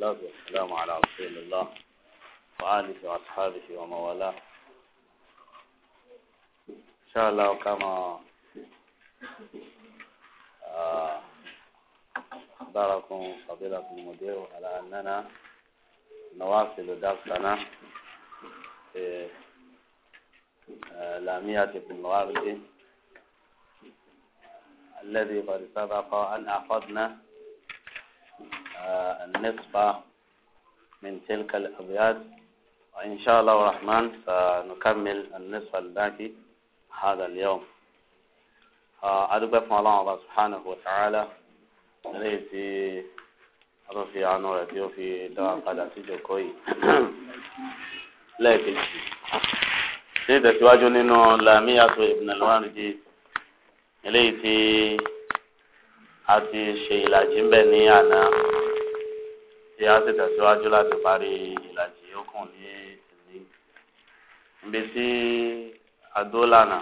والصلاة والسلام على رسول الله وآله وأصحابه وموالاه إن شاء الله كما آه، أخبركم فضيلة المدير على أننا نواصل درسنا في آه، لامية بن الغابة الذي قد سبق أن أخذنا النصف من تلك الأبيات وإن شاء الله الرحمن سنكمل النصف الباقي هذا اليوم أدب أسمع الله سبحانه وتعالى ليتي رفيع عنه رتيو في دواقة لا تجو كوي ليتي سيدة سواجه لامي لامية ابن الوان جي ليتي أتي شيء لا جنبني أنا tí a sì tẹ̀síwájú láti parí ìlàjì yókùn ní ìlú níbi tí adólànà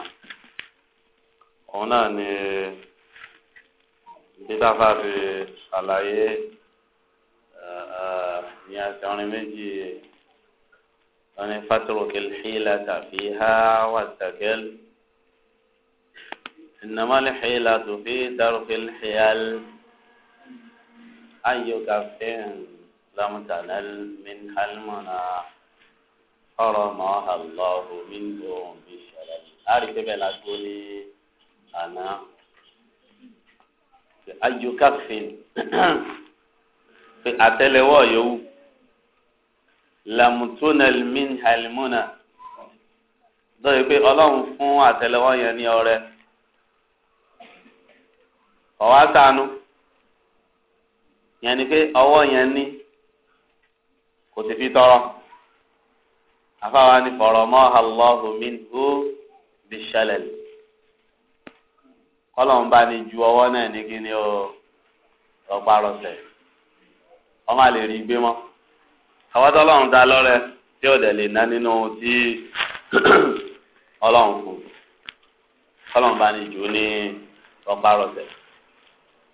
òun náà ni dídáfà fi ṣàlàyé eh, eh, ìyẹn àti orin méjì wọn ni fátìròkè hílà tàbí háwà tàgẹ́lì. إنما الحيلة في ترك الحيل أيك فين لم تنل من المنى حرمها الله منهم بالشلل أعرف بلا تقولي أنا في أي كف في أتلوى يو لم تنل من المنى dọ́yìn pé ọlọ́run fún àtẹ́lẹwọ́ yẹn ní ọrẹ ọwọ́ àtànú yẹn ni pé ọwọ́ yẹn ní kò sì fi tọrọ afọ ni fọrọmọ aláhùn mi hó bí ṣẹlẹ̀ ni ju ọwọ náà ní kíni o ọparọsẹ ọmọ àlè rí gbé mọ àwọn tó lọrùn dá lọrẹ tí ò dẹ̀ lè ná nínú tí ọlọ́run kù kọlọmba ni ju ní ọparọsẹ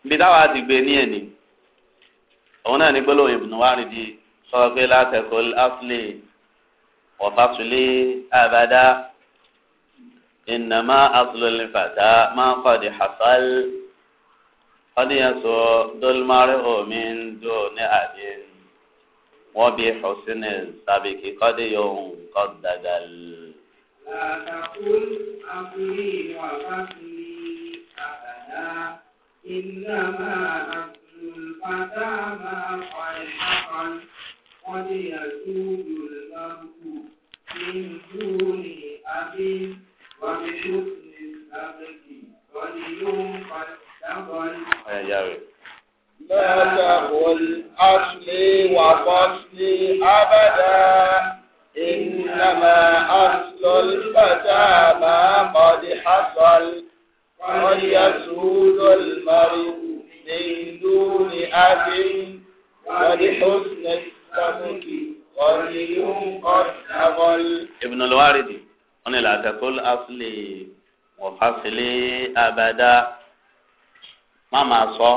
ibi táwa ti gbé ní ẹni òun náà ni gbólóhùn ìbùnú di. sọ́wọ́ pé látẹ̀kọ́ áfílẹ̀ ọ̀fàtúlẹ̀ àbádá ìnàmá àtúlọ̀lẹ̀ fàtà máa ń pàdé hasal ọdíyànṣọ dọ́lmárì omi ń dò ní àdé wọ́n bí xọ́sínì sàbìkì kọ́dé yòówù kọ́ dàgàl. látàkùn àkùnrin wà fásitì àbádá ìnàmá àtúlọ̀lẹ̀. tẹ̀lé abada má máa sọ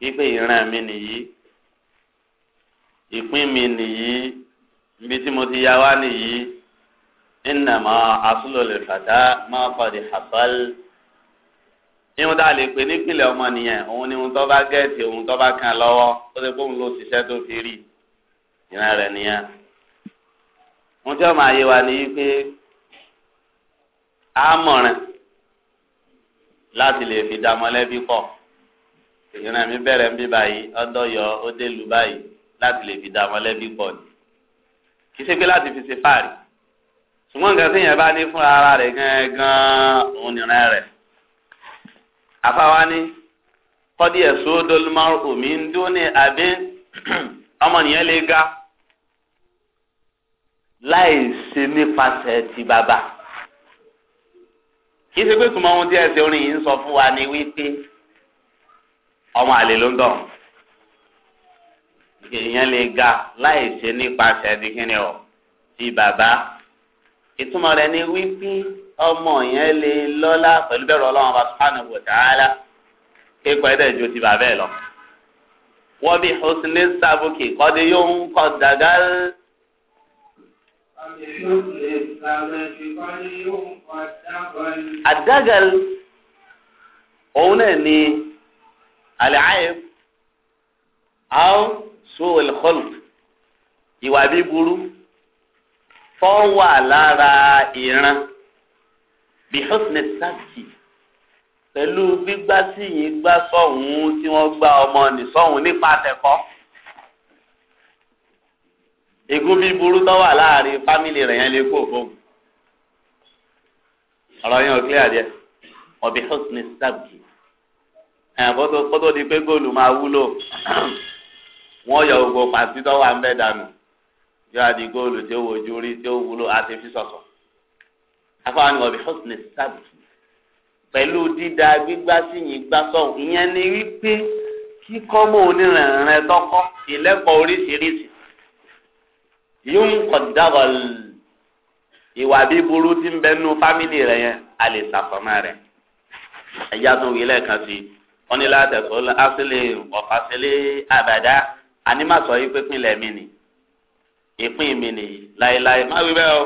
wípé ìran mi nìyí ìpín mi nìyí ibi tí mo ti ya wá nìyí ìnàmọ́ asúlòlè fàdá má kọ́ni hasal ihun tá a lè pè nípìnlẹ̀ ọmọ nìyẹn òun ni ohun tó bá gẹ̀ẹ́sì ohun tó bá kan lọ́wọ́ ó ti kóhun ló ṣiṣẹ́ tó fi rí ìran rẹ̀ nìyẹn ohun tí ó máa wa ni wípé àmọ̀ràn láti lè fi dá mọ́lẹ́bí pọ̀ ìran mi bẹ̀rẹ̀ ń bí báyìí ọdọ́yọ ó délùú báyìí láti lè fi dá mọ́lẹ́bí pọ̀ ni kì í ṣe pé láti fi ṣe fáàrí ṣùgbọ́n nǹkan tíyẹn bá ní fún ara rẹ̀ gan òun nìran rẹ̀ àfáwa kọ́dí ẹ̀sùn odolumar omi ń dún ní abẹ́ ọmọnìyàn lè ga láì ṣe nípasẹ̀ ti bàbá kì í ṣe pé tùmọ̀ ohun tí ẹsẹ̀ orin yìí ń sọ fún wa ni wípé ọmọ àlè ló ń dọ̀ èèyàn lè ga láì ṣe nípasẹ̀ dikínni ọ̀ ti bàbá ìtumọ̀ rẹ̀ ni wípé ọmọ yẹn lè lọ́lá pẹ̀lú bẹ̀rù ọlọ́run bá subhanahu wa ta'ala kíkọ́ ẹ̀dẹ̀ ju ti bàbá ẹ̀ lọ. wọ́n bí hosni sábùkì kọ́dé yóò ń kọ́ dàgá àdágal òun náà ni àlàáyé àwọn sóòlù kọlù ìwà bíburú fọwà lára ìran bí hosnet sáàkì pẹ̀lú gbígbá sí yìí gbá sọ̀hún tí wọ́n gbá ọmọ nì sọ̀hún nípa àtẹ̀kọ́ ègún bí burú tó wà láàrin fámìlì rẹ̀ yẹn lè kó fún un ọ̀rọ̀ yẹn ò clear díẹ̀ ọ̀bí hosni sábì ẹ̀ kótó kótó di pé góòlù máa wúlò wọ́n yọ ògbó pàṣẹ tó wà ń bẹ̀ dànù yóò adi góòlù tí ó wojú rí tí ó wúlò àti fi sọ̀sọ̀ afáwọn ni ọ̀bí hosni sábì pẹ̀lú dídá gbígbá sí yìí gbá sọ̀hún ìyẹn ni wípé kíkọ́ mọ́ onírànràn tọkọ́ ìlẹ́kọ̀ọ́ oríṣiríṣi yóò kọ̀dàgọ̀l ìwà bíburú tí ń bẹ nú fámìlì rẹ yẹn a lè sàfọ́mọ́ rẹ ẹ̀yà tó wí lẹ́ẹ̀kan sí i wọ́n ní látẹ̀kọ́ lásìlẹ̀ ọ̀fàṣẹ́lẹ̀ àbàdá àní má sọ yìí pínpín lẹ̀ mí ni ìpín mi nìyí láéláé má wí bẹ́ẹ̀ o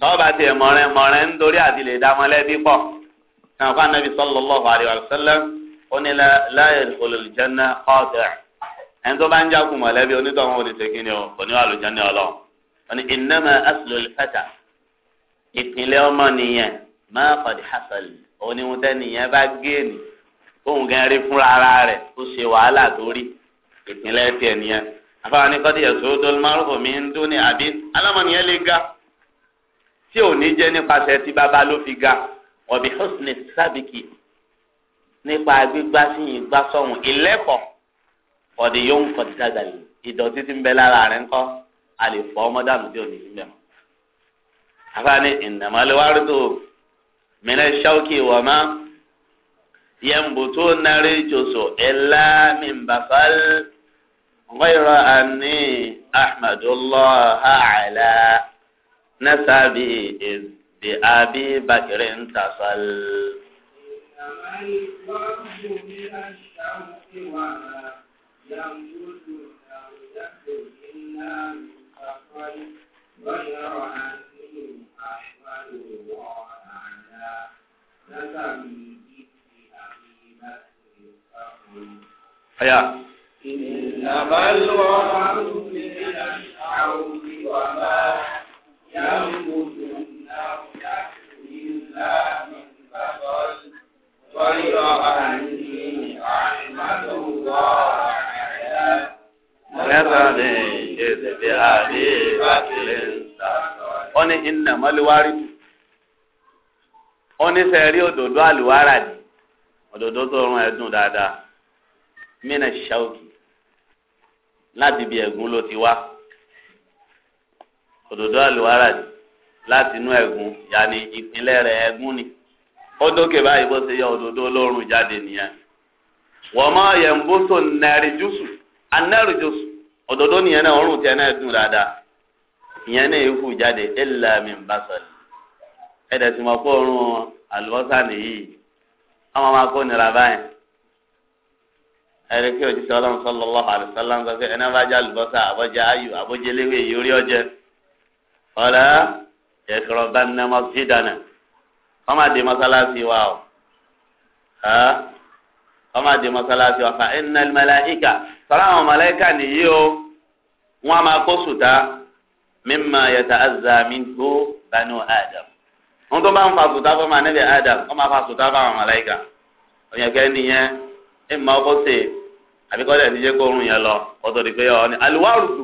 tọ́ba tiẹ̀ mọ̀rẹ́ mọ̀rẹ́ nítorí àti lè dá wọn lẹ́bí pọ̀ kàn fún anabi sallallahu alaihi wasallam ó ní láyé olùjẹ́nà kọ́ọ̀tẹ̀ ẹni tó bá ń jákun mọ̀lẹ́bí onítọ̀hún oníṣègùn ni kò ní àlùjá ní ọlọ́run wọn ni ìnáma asùlù ìfẹ́ta ìpínlẹ̀ ọmọ nìyẹn máa fàdí hasali òun ni wọn tẹ́ nìyẹn bá géènì tóun gan rí fúnra ara rẹ̀ tó ṣe wàhálà tó rí ìpínlẹ̀ tiẹ̀ nìyẹn afáwọn ní kọ́dí ẹ̀sùn ó dọ́lú márùn-ún mi ń dún ní àbí alámọ̀nìyẹn lè ga tí ò ní jẹ́ nípasẹ̀ tí bàbá ló fi ga ọ̀bí hosni sábìkì nípa gbígbá síyìn ìlẹ́kọ̀ọ́ fọdí yóò ń fọdí dàgbàlè ìdọ̀tí ti ń bẹ lára rẹ̀ ńkọ́ a lè fọ ọmọ dànù tí ò ní sílẹ̀ mọ́. afaani ìnàmọ́lẹ́ wàá rúdò mìíràn ṣáòkì wọ̀ mọ́ yẹn bùtú nàrí jòsò ẹ̀là mìmbàfàl ọ̀gbọ́yọ̀rọ̀ àní ahmadullah àlà nasabi ìdí àbí bàkìrì ń tasal. ìnàmọ́lẹ́ wàá rúdò mìíràn ṣáòkì wọ̀ mọ́. Aya. إنما الوعد من الحول وما يموت النفس إلا من فضل ويرى أني أعمل الله mẹ́tàlẹ́ ìṣẹ̀lẹ̀ àdé bàtìlẹ̀ ńlá. ó ní iná mọ́lẹ́wárí tù. ó ní sẹ́rí òdòdó àlùwárà ni òdòdó tó rún ẹ̀dùn dáadáa mínà ṣáòkì láti bí ẹ̀gún ló ti wá. òdòdó àlùwárà ni láti inú ẹ̀gún yàní ìpínlẹ̀ rẹ̀ ẹ̀gún ni. ó dókè báyìí bó ṣe yọ òdòdó olóòórùn jáde nìyẹn. wọ́n mọ̀ yẹn ń bó so nàrí anárùjọs òdòdó nìyẹn náà ọrùn tiẹ̀ náà dùn dáadáa ìyẹn náà ehu jáde ẹ̀là mi ń bá sọ̀rọ̀ ẹ̀dẹ̀ tí mo kó ọrùn àlùbọ́sà nìyí ọmọ máa kó nira báyìí ẹ̀rẹ́ kí òjíṣẹ́ ọlọ́run sallallahu alaihi wasallam ń sọ pé ẹ̀ná bá jẹ́ àlùbọ́sà àbọ̀jẹ́ ayù bá ọmọ àti mọ́sálásí ọ̀fà innal malaika sọ̀rọ̀ àwọn màláíkà nìyí o wọ́n á máa kó sùtá mimma yata'azza minhu banu adam wọn tó bá ń fa sùtá fún ọmọ àníbi adam wọ́n máa fa sùtá fún àwọn màláíkà ọ̀yẹ̀kẹ́ nìyẹn ẹ̀ máa kó sè àbíkọ́ dẹ̀ níjẹ́ kó rùn yẹn lọ ọ̀tọ̀ dì pé ọ̀ ni àlùwárùtù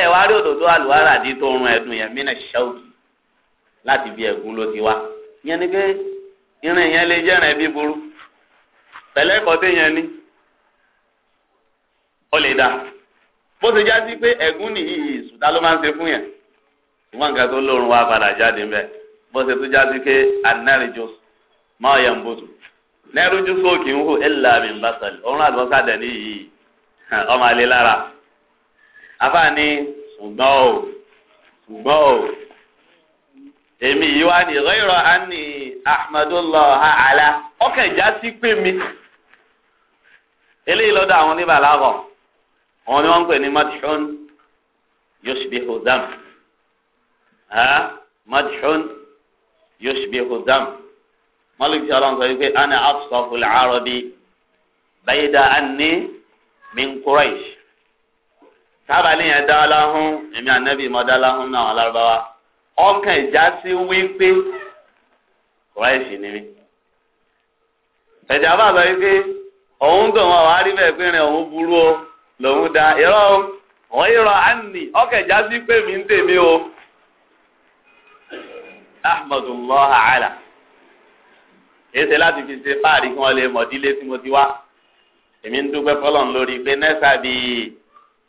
ẹ̀ wá rí òdòdó àlùwárà àdí tó rùn ẹ̀dùn yẹn mí láti bí ẹ̀gún ló ti wá ìyẹn ni pé irin yẹn lè jẹ́rìn ẹbí burú pẹ̀lẹ́ ẹ̀kọ́ téèyàn ni? ó lè dá bó ṣe já pé ẹ̀gún nìyí sùdá ló máa ń ṣe fún yẹn nǹkan tó wá padà jáde mbẹ́ bó ṣe tó já sí pé anárìjọ máa yẹ ń bòtù ń hù ẹ̀là mi ń bá òun dẹ̀ níyì ọmọ lára afáàní ṣùgbọ́n o ṣùgbọ́n o èmi yìí wá ní ala ọkàn ìjà sí pé mi. eléyìí lọ́dọ̀ àwọn oníbàlágọ̀ wọn ni wọ́n ń pè ní madhun yushbihu dam madhun yushbihu dam malik ti ọlọ́run sọ wípé ana afsafu al-arabi bayda anni min quraish tábàlì yẹn dá aláhùn èmi ànábì mọ́ dá aláhùn náà alárúbáwá ọkàn ìjà wípé quraish ni mí ẹ̀jẹ̀ àbá wípé. òun dùn wọn wàá rí bẹ́ẹ̀ pé rìn òun burú o lòun da irọ́ o wọ́n irọ́ àní ọkẹ̀já sí pé mi ń tèmi o ala èsè láti fi ṣe fáàrí kí wọn lè mọ̀dílé tí mo ti wá èmi ń dúpẹ́ fọlọ́n lórí pé nẹ́sà bí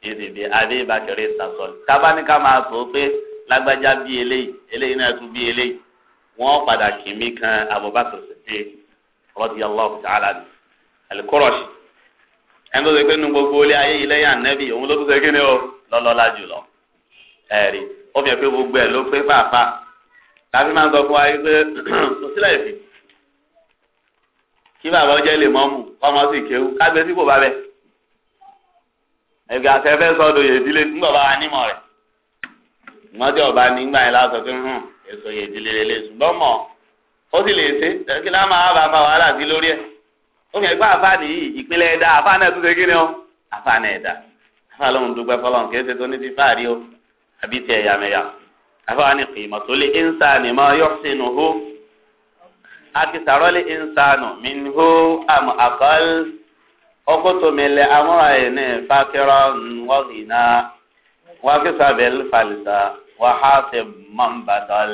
èdèdè adébákẹ́rẹ́ sàsọ̀lì tábánikà máa tó pé lágbájá bí eléyìí eléyìí náà tún bí eléyìí padà kì mí kan abubakar alikọrọsi ẹni tó ṣe pé nu gbogbo ilé ayé yìí lẹ́yìn anabi òun ló tún ṣe kíni o lọlọlá jùlọ ẹrí ó fi hàn pé gbogbo ẹ ló pé pàápàá tàbí máa ń sọ fún wa yìí pé kò sílẹ̀ fi kí bàbá ọjọ́ lè mọ́mù ọmọ sì kéwu kágbé sí kò bá bẹ ẹgbẹ́ afẹ́fẹ́ sọ́dọ̀ yẹ ìdílé nígbà bá wa nímọ̀ rẹ̀ mọ́tí ọba nígbà yẹn lásọ pé hàn hmm, èso yẹ ìdílé lélẹ̀ ṣùgbọ́n mọ̀ ó sì lè ṣe kí máa bá fa wàhálà lórí ẹ̀ ó fi ẹgbẹ́ àfa nìyí ìpínlẹ̀ ẹ̀dá àfa náà tún ṣe kí ni ó àfa náà ẹ̀dá àfa lóhùn dúpẹ́ fọlọ́n kì í ṣe tó ní ti fáàrí o àbí ti ẹ̀yàmẹ̀yà àfa wa tó lé ìnsàní mọ́ yọ̀sìnù hó akisarọ́ lé ìnsànù mí hó àmọ́ àkọ́l ọkọ́tòmílẹ̀ amúra ẹ̀ ní fàkírọ̀ wọ́gìnà fàlìsà wàhásẹ̀ mọ́nbàdọ́l.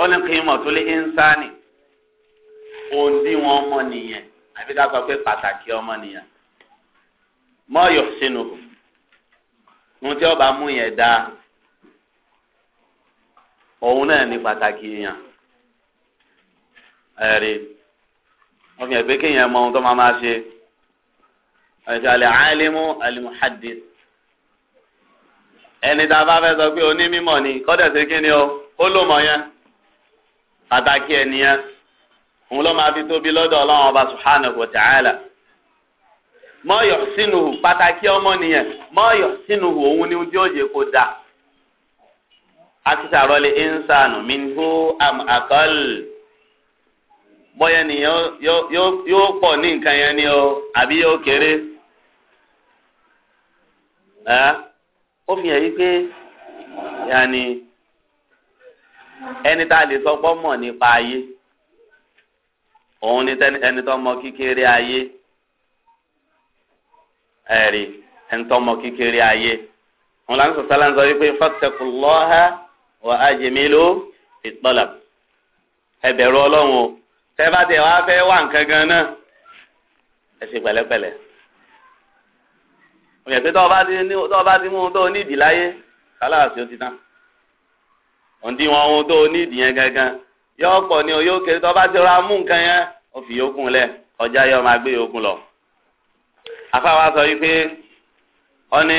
ó ní kí n mọ̀ tó lé ínsánì òǹdíwọ̀n ọmọnìyàn àbí ká sọ pé pàtàkì ọmọnìyàn mọ́yọ̀ sínú ohun tí ọba mú yẹn dáa òun náà ní pàtàkì èèyàn ẹ̀rí wọ́n fi hàn pé kéèyàn mọ ohun tó máa máa ṣe ẹ̀sìn àlẹ́ àálẹ́mú àlìmùhàdìs ẹni tá a bá fẹ́ sọ pé onímọ̀ ni kọ́dẹ̀ sí kí o ó lò mọ̀ yẹn. pàtàkì ẹnìyẹn òun ló máa fi tóbi lọ́dọ̀ ọlọ́run ọba subhanahu wa ta'ala mọ́yọ̀ sínú pàtàkì ọmọnìyàn mọ́yọ̀ sínú òun ni ojú òye kò dáa akita rọle insanu minhu am akal yọ ní nǹkan yẹn ni o àbí kéré ó fi hàn yí pé Yani, ẹni tá a lè sọ pọ́ mọ̀ nípa ayé òun ni ẹni tó mọ kékeré ayé ẹ̀rí ẹni tó mọ kékeré ayé wọn là ń sọ sálá ń sọ wípé fattaqullaha wa ajmilu fi talab ẹ bẹ̀rù ọlọ́run o tẹ́ bá tẹ wá fẹ́ wá nǹkan gan náà ẹ ṣe pẹ̀lẹ́pẹ̀lẹ́ òyìnbó tó o bá ti mú un tó o láyé kálá àti ó ti tán òǹdí wọn ohun tó ní ìdìyẹn gangan yóò pọ̀ ní oyó kéré tó bá ti ra mú nǹkan yẹn ó fi yókùn lẹ̀ ọjà yóò máa gbé yókùn lọ. afáwa sọ yìí pé ọni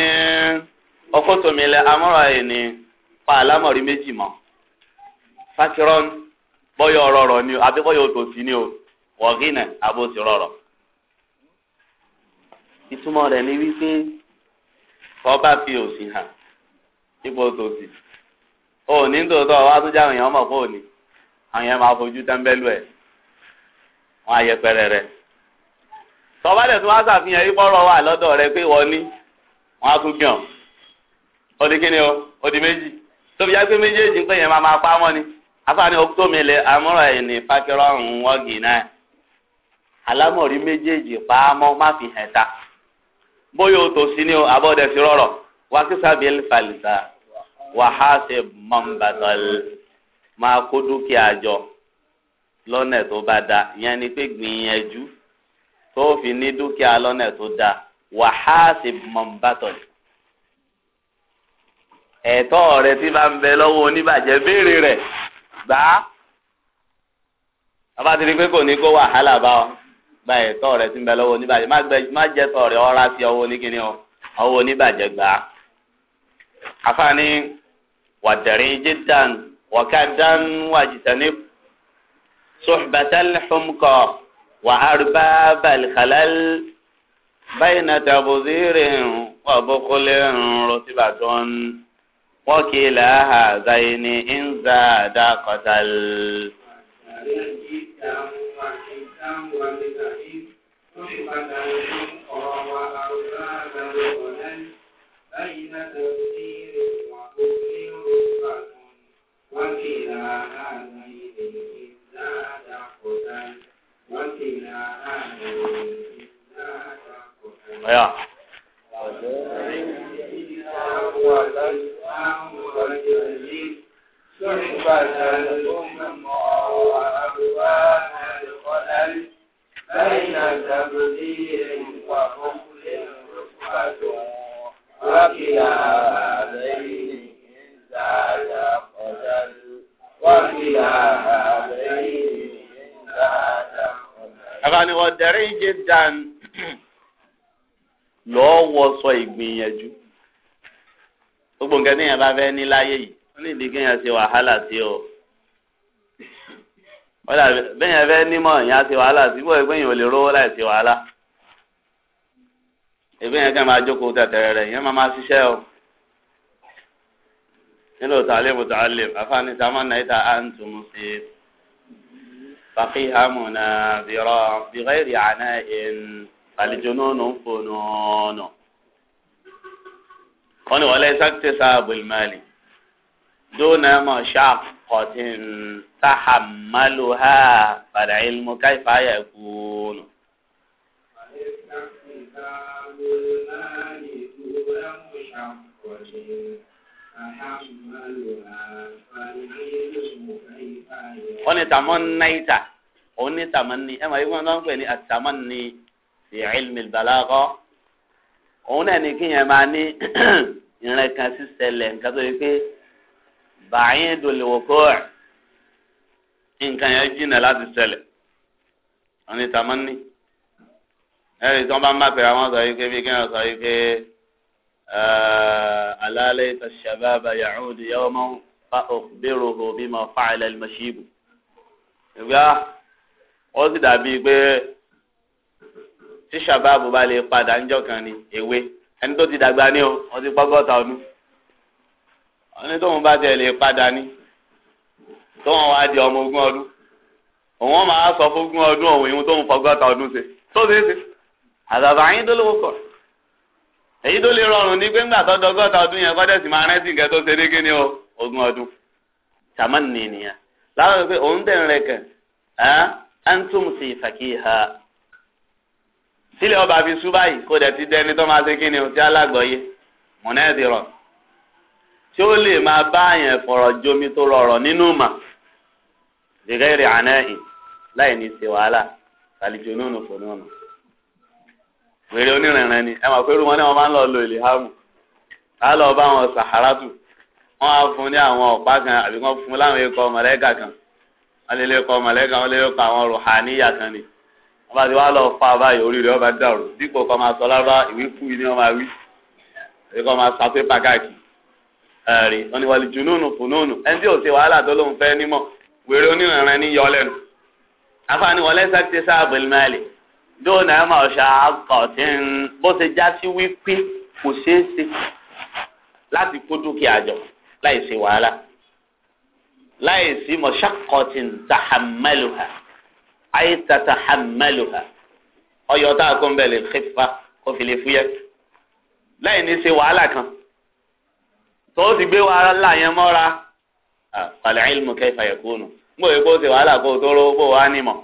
ọkọ̀tòmílẹ̀ amọ́ra yìí ni pa àlámọ̀rí méjì mọ́ fákírọ́n bọ́yọ̀ ọ̀rọ̀rọ̀ ni o òtòsí ni o wọ̀gínà àbòsí rọ̀rọ̀. ìtumọ̀ rẹ̀ ni wípé kọ́ bá fi òsì hàn ipò òtòsí. o ní tòótọ́ wá tó jáwé yẹn ọmọ fóònù àwọn yẹn máa fojú tẹ́ńbẹ́lú ẹ̀ wọ́n á yẹ pẹ́rẹ́ rẹ̀ tọ́ba dẹ̀ tó wá sàfihàn yìí wà lọ́dọ̀ rẹ pé wọ́n ní wọ́n á tún gbìyàn ó di kíni o ó di méjì tóbi yàgbé méjèèjì pé yẹn máa máa pa ni afáàní ọ̀hún wọ́gì náà alámọ̀rí méjèèjì pa á mọ́ má fi hẹ̀ ta o ni o fi rọ̀rọ̀ wàhásì mọ̀nbàtàl máa kó dúkìá jọ lọ́nà tó bá da ìyẹn ni pé gbìyànjú tó fi ní dúkìá lọ́nà tó da wàhásì mọ̀nbàtàl ẹ̀tọ́ rẹ tí bá ń bẹ lọ́wọ́ oníbàjẹ́ béèrè rẹ̀ gbà á bàbá ti pé kò ní kó wàhálà bá ọ gba ẹ̀tọ́ rẹ tí ń bẹ lọ́wọ́ oníbàjẹ́ má jẹ́ tọ̀ rẹ ọ́ra sí ọwọ́ oníkíní ọwọ́ oníbàjẹ́ gbà á. àfààní. ودري جدا وكدا واجتنب صحبة الحمقى وأرباب الخلل بين تبذير وبخل رتبة وكلا هذين إن زاد قتل بين تبذير وكلا هذين ازداد هدى وكلا هذين ازداد هدى والإسلام والجليل صحبة الأمم وأبواب الخلل بين تبذير وبخل رفعة وكلا هذين Àbáni ọ̀dẹ̀rẹ̀ ìje dan lọ́ọ́ wọṣọ ìgbìyànjú. Gbogbo nǹkan ní yẹn bá fẹ́ ní láyé yìí, wọ́n ní ìdí kéèyàn ṣe wàhálà sí ọ. Wọ́dà bẹ́ẹ̀ yẹn fẹ́ nímọ̀ ìyá ṣe wàhálà sí bóyá ìgbẹ́yìn ò lè rówó láì ṣe wàhálà. Ìgbẹ́yìn kan máa jókòó tẹ̀tẹ̀rẹ̀ rẹ̀, ìyẹn máa máa ṣiṣẹ́ o. إنه تعلم وتعلم أفاني زمان نهيتا أنت مصيب فقيامنا برام بغير عناء فالجنون فنون قلوا وليس اكتساب المال دون مشقة تحملها فالعلم كيف يكون وليس اكتساب المال دون مشقة wọ́n ní tàmánnáìtà òun ní tàmánní ẹ̀ mọ̀ ẹ̀ wọ́n ń pè ní àtàmánní fi ilmi balagha òun náà ní kíyẹn máa ní ìrìn kan sí ṣẹlẹ̀ nǹkan tó yẹ pé ba'idul wuqu' nǹkan yẹn jìnnà láti ṣẹlẹ̀ wọ́n ní tàmánní tí wọ́n bá ń bá pẹ̀lú àwọn sọ yìí pé bí kí wọ́n sọ yìí pé. ألا ليت الشباب يعود يوما فأخبره بما فعل المشيب ìgbà ó sì dàbí pé tí shababu bá lè padà ńjọ́ kan ni èwe ẹni tó ti dàgbà ní o wọ́n ti pọ́gọ́ta ọdún ẹni tóun bá tiẹ̀ lè padà ní tóun wá di ọmọ ogún ọdún òun máa sọ fún ogún ọdún òun ìhun tóun fọgọ́ta ọdún ṣe tó ṣe é ṣe àtàbà yín tó lówó kọ̀ọ̀ èyí tó lè rọrùn ni pé ńgbà tó dọgọ́ta ọdún yẹn kọ́dẹ̀ sì máa rántí nǹkan tó ṣe déédéé ní o ogún ọdún sàmán ní ènìyàn láwọn sọ pé òun dẹ̀ ń rẹ kẹ̀ antum sí fàkìhà sílẹ̀ ọba fi sú báyìí kó dẹ̀ ti dẹni tó máa ṣe kí o ti alágbọ̀ọ́yé mọ̀nẹ́ẹ̀dìrọ̀ tí ó lè máa bá yẹn fọ̀rọ̀ jomi tó rọrọ̀ nínú mà bìgẹ́rì àná ì láì ní ṣe wàhálà kàlìjọ́nù nù fònú nù wèrè onírìnrìn ni ẹ mọ̀ pé irú wọn ni wọ́n máa ń lọ lo ìlìhámù á lọ bá wọn sàhárátù wọ́n á fún ní àwọn ọ̀pá kan àbí wọ́n fún láwọn ikọ̀ mọ̀lẹ́gà kan wọ́n lè lè kọ mọ̀lẹ́gà wọ́n lè lè kọ àwọn rùhàníyà kan ni wọ́n bá ti wá lọ fa báyìí orí rẹ̀ wọ́n bá dàrú dípò kọ́ máa sọ lára ìwé fún yìí ni wọ́n máa wí àbí kọ́ máa sa pépà káàkiri ẹ̀rí wọ́n ni wọ́n lè junúnù fùnúnù ẹni tí ò ṣe wàhálà tó lóun fẹ́ nímọ̀ wèrè onírìnrìn ní yọ lẹ́nu afáàní wọlé sáà dóònà ẹ̀ máa ṣàkọ̀tín bó ṣe já sí wípé kò ṣeé ṣe láti kó dúkìá jọ láì ṣe wàhálà láì sí mọ̀ṣàkọ̀tín tàhámẹ́lùhà ayé tàhámẹ́lùhà ọyọ tá a kó ń bẹ̀ lè xefa kó fi lè fúyẹ́ láì ní ṣe wàhálà kan tó ti gbé wàhálà yẹn mọ́ra àlẹ́ ilmu kẹfà yẹ kúnnù mo yẹ kó ṣe wàhálà kó tó rọ́ bó wàá nímọ̀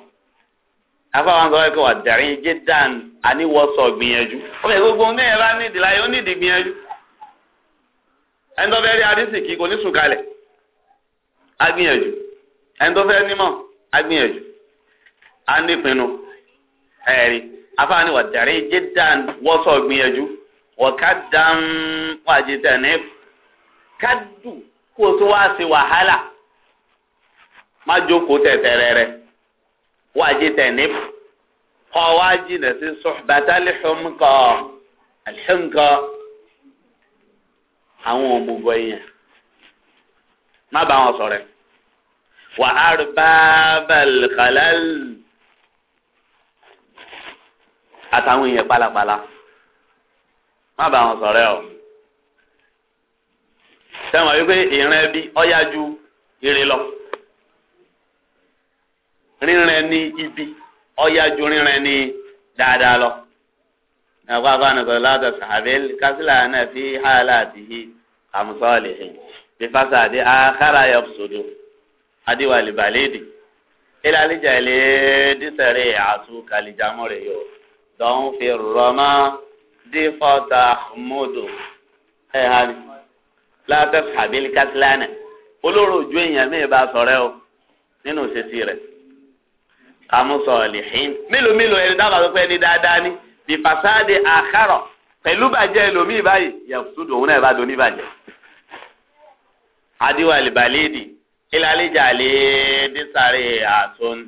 afáwọn sọ pé wà dàrín jẹ́dàn àníwọ̀sọ̀ gbìyànjú ọmọ ìwé gbogbo ní ẹ̀rọ nídìí láyé ó nídìí gbìyànjú ẹni tó fẹ́ rí arísìkí kò ní sùn kalẹ̀ agbìyànjú ẹni tó fẹ́ nímọ̀ agbìyànjú á nípinnu ẹ̀rí afáwọn ni wà dàrín jẹ́dàn wọ́sọ̀ gbìyànjú wọ́kàdàm wàjẹ̀dàn ní kádù kó o tó wá sí wàhálà má jókòó tẹ̀tẹ̀rẹ̀ rẹ̀ wájú tẹ̀nif kọ́ wájú nà sí sọ̀bàtà lìxùnkọ́ àlìxùnkọ́ àwọn òmùgọ̀ yẹn má bá wọn sọ̀rọ̀ wà á rí bábàlì kàlàl àtàwọn èèyàn pálapàla má bá wọn sọ̀rọ̀ o sẹ́wọ̀n wípé ìrìn ẹbí ó yá ju ire lọ rírẹ ní ibi ọ̀yà ju rírẹ ní dáadáa lọ. nàbà bá nàbà látà sàbẹ̀l kásìlà náà fi hàlà àtìhí àmùsọ̀ọ̀lì hìn bí fásitì àkàrà yọ sódò adéwàlì bàlẹ́dì ìlàlíjà ilé dísẹ̀rẹ̀ àtúkàlìjàmọ́rẹ̀ yọ dọ̀hún fi rọ́mọ́ dífọ́tà mọ́dò ẹ̀ hàn látà sàbẹ̀l kásìlà náà olóró ojú èèyàn mi ì bá sọ̀rẹ́ o nínú ìṣesí rẹ̀ amúsọ̀ọ̀lìhìn mélòó mélòó ẹni dábàá tó pẹ́ ní dáadáa ní bí fasade àkàrọ̀ pẹ̀lú bàjẹ́ ẹlòmíì báyìí yàtúndò òun náà bá do oníbàjẹ́. adiwali balidi ilalija le disare asun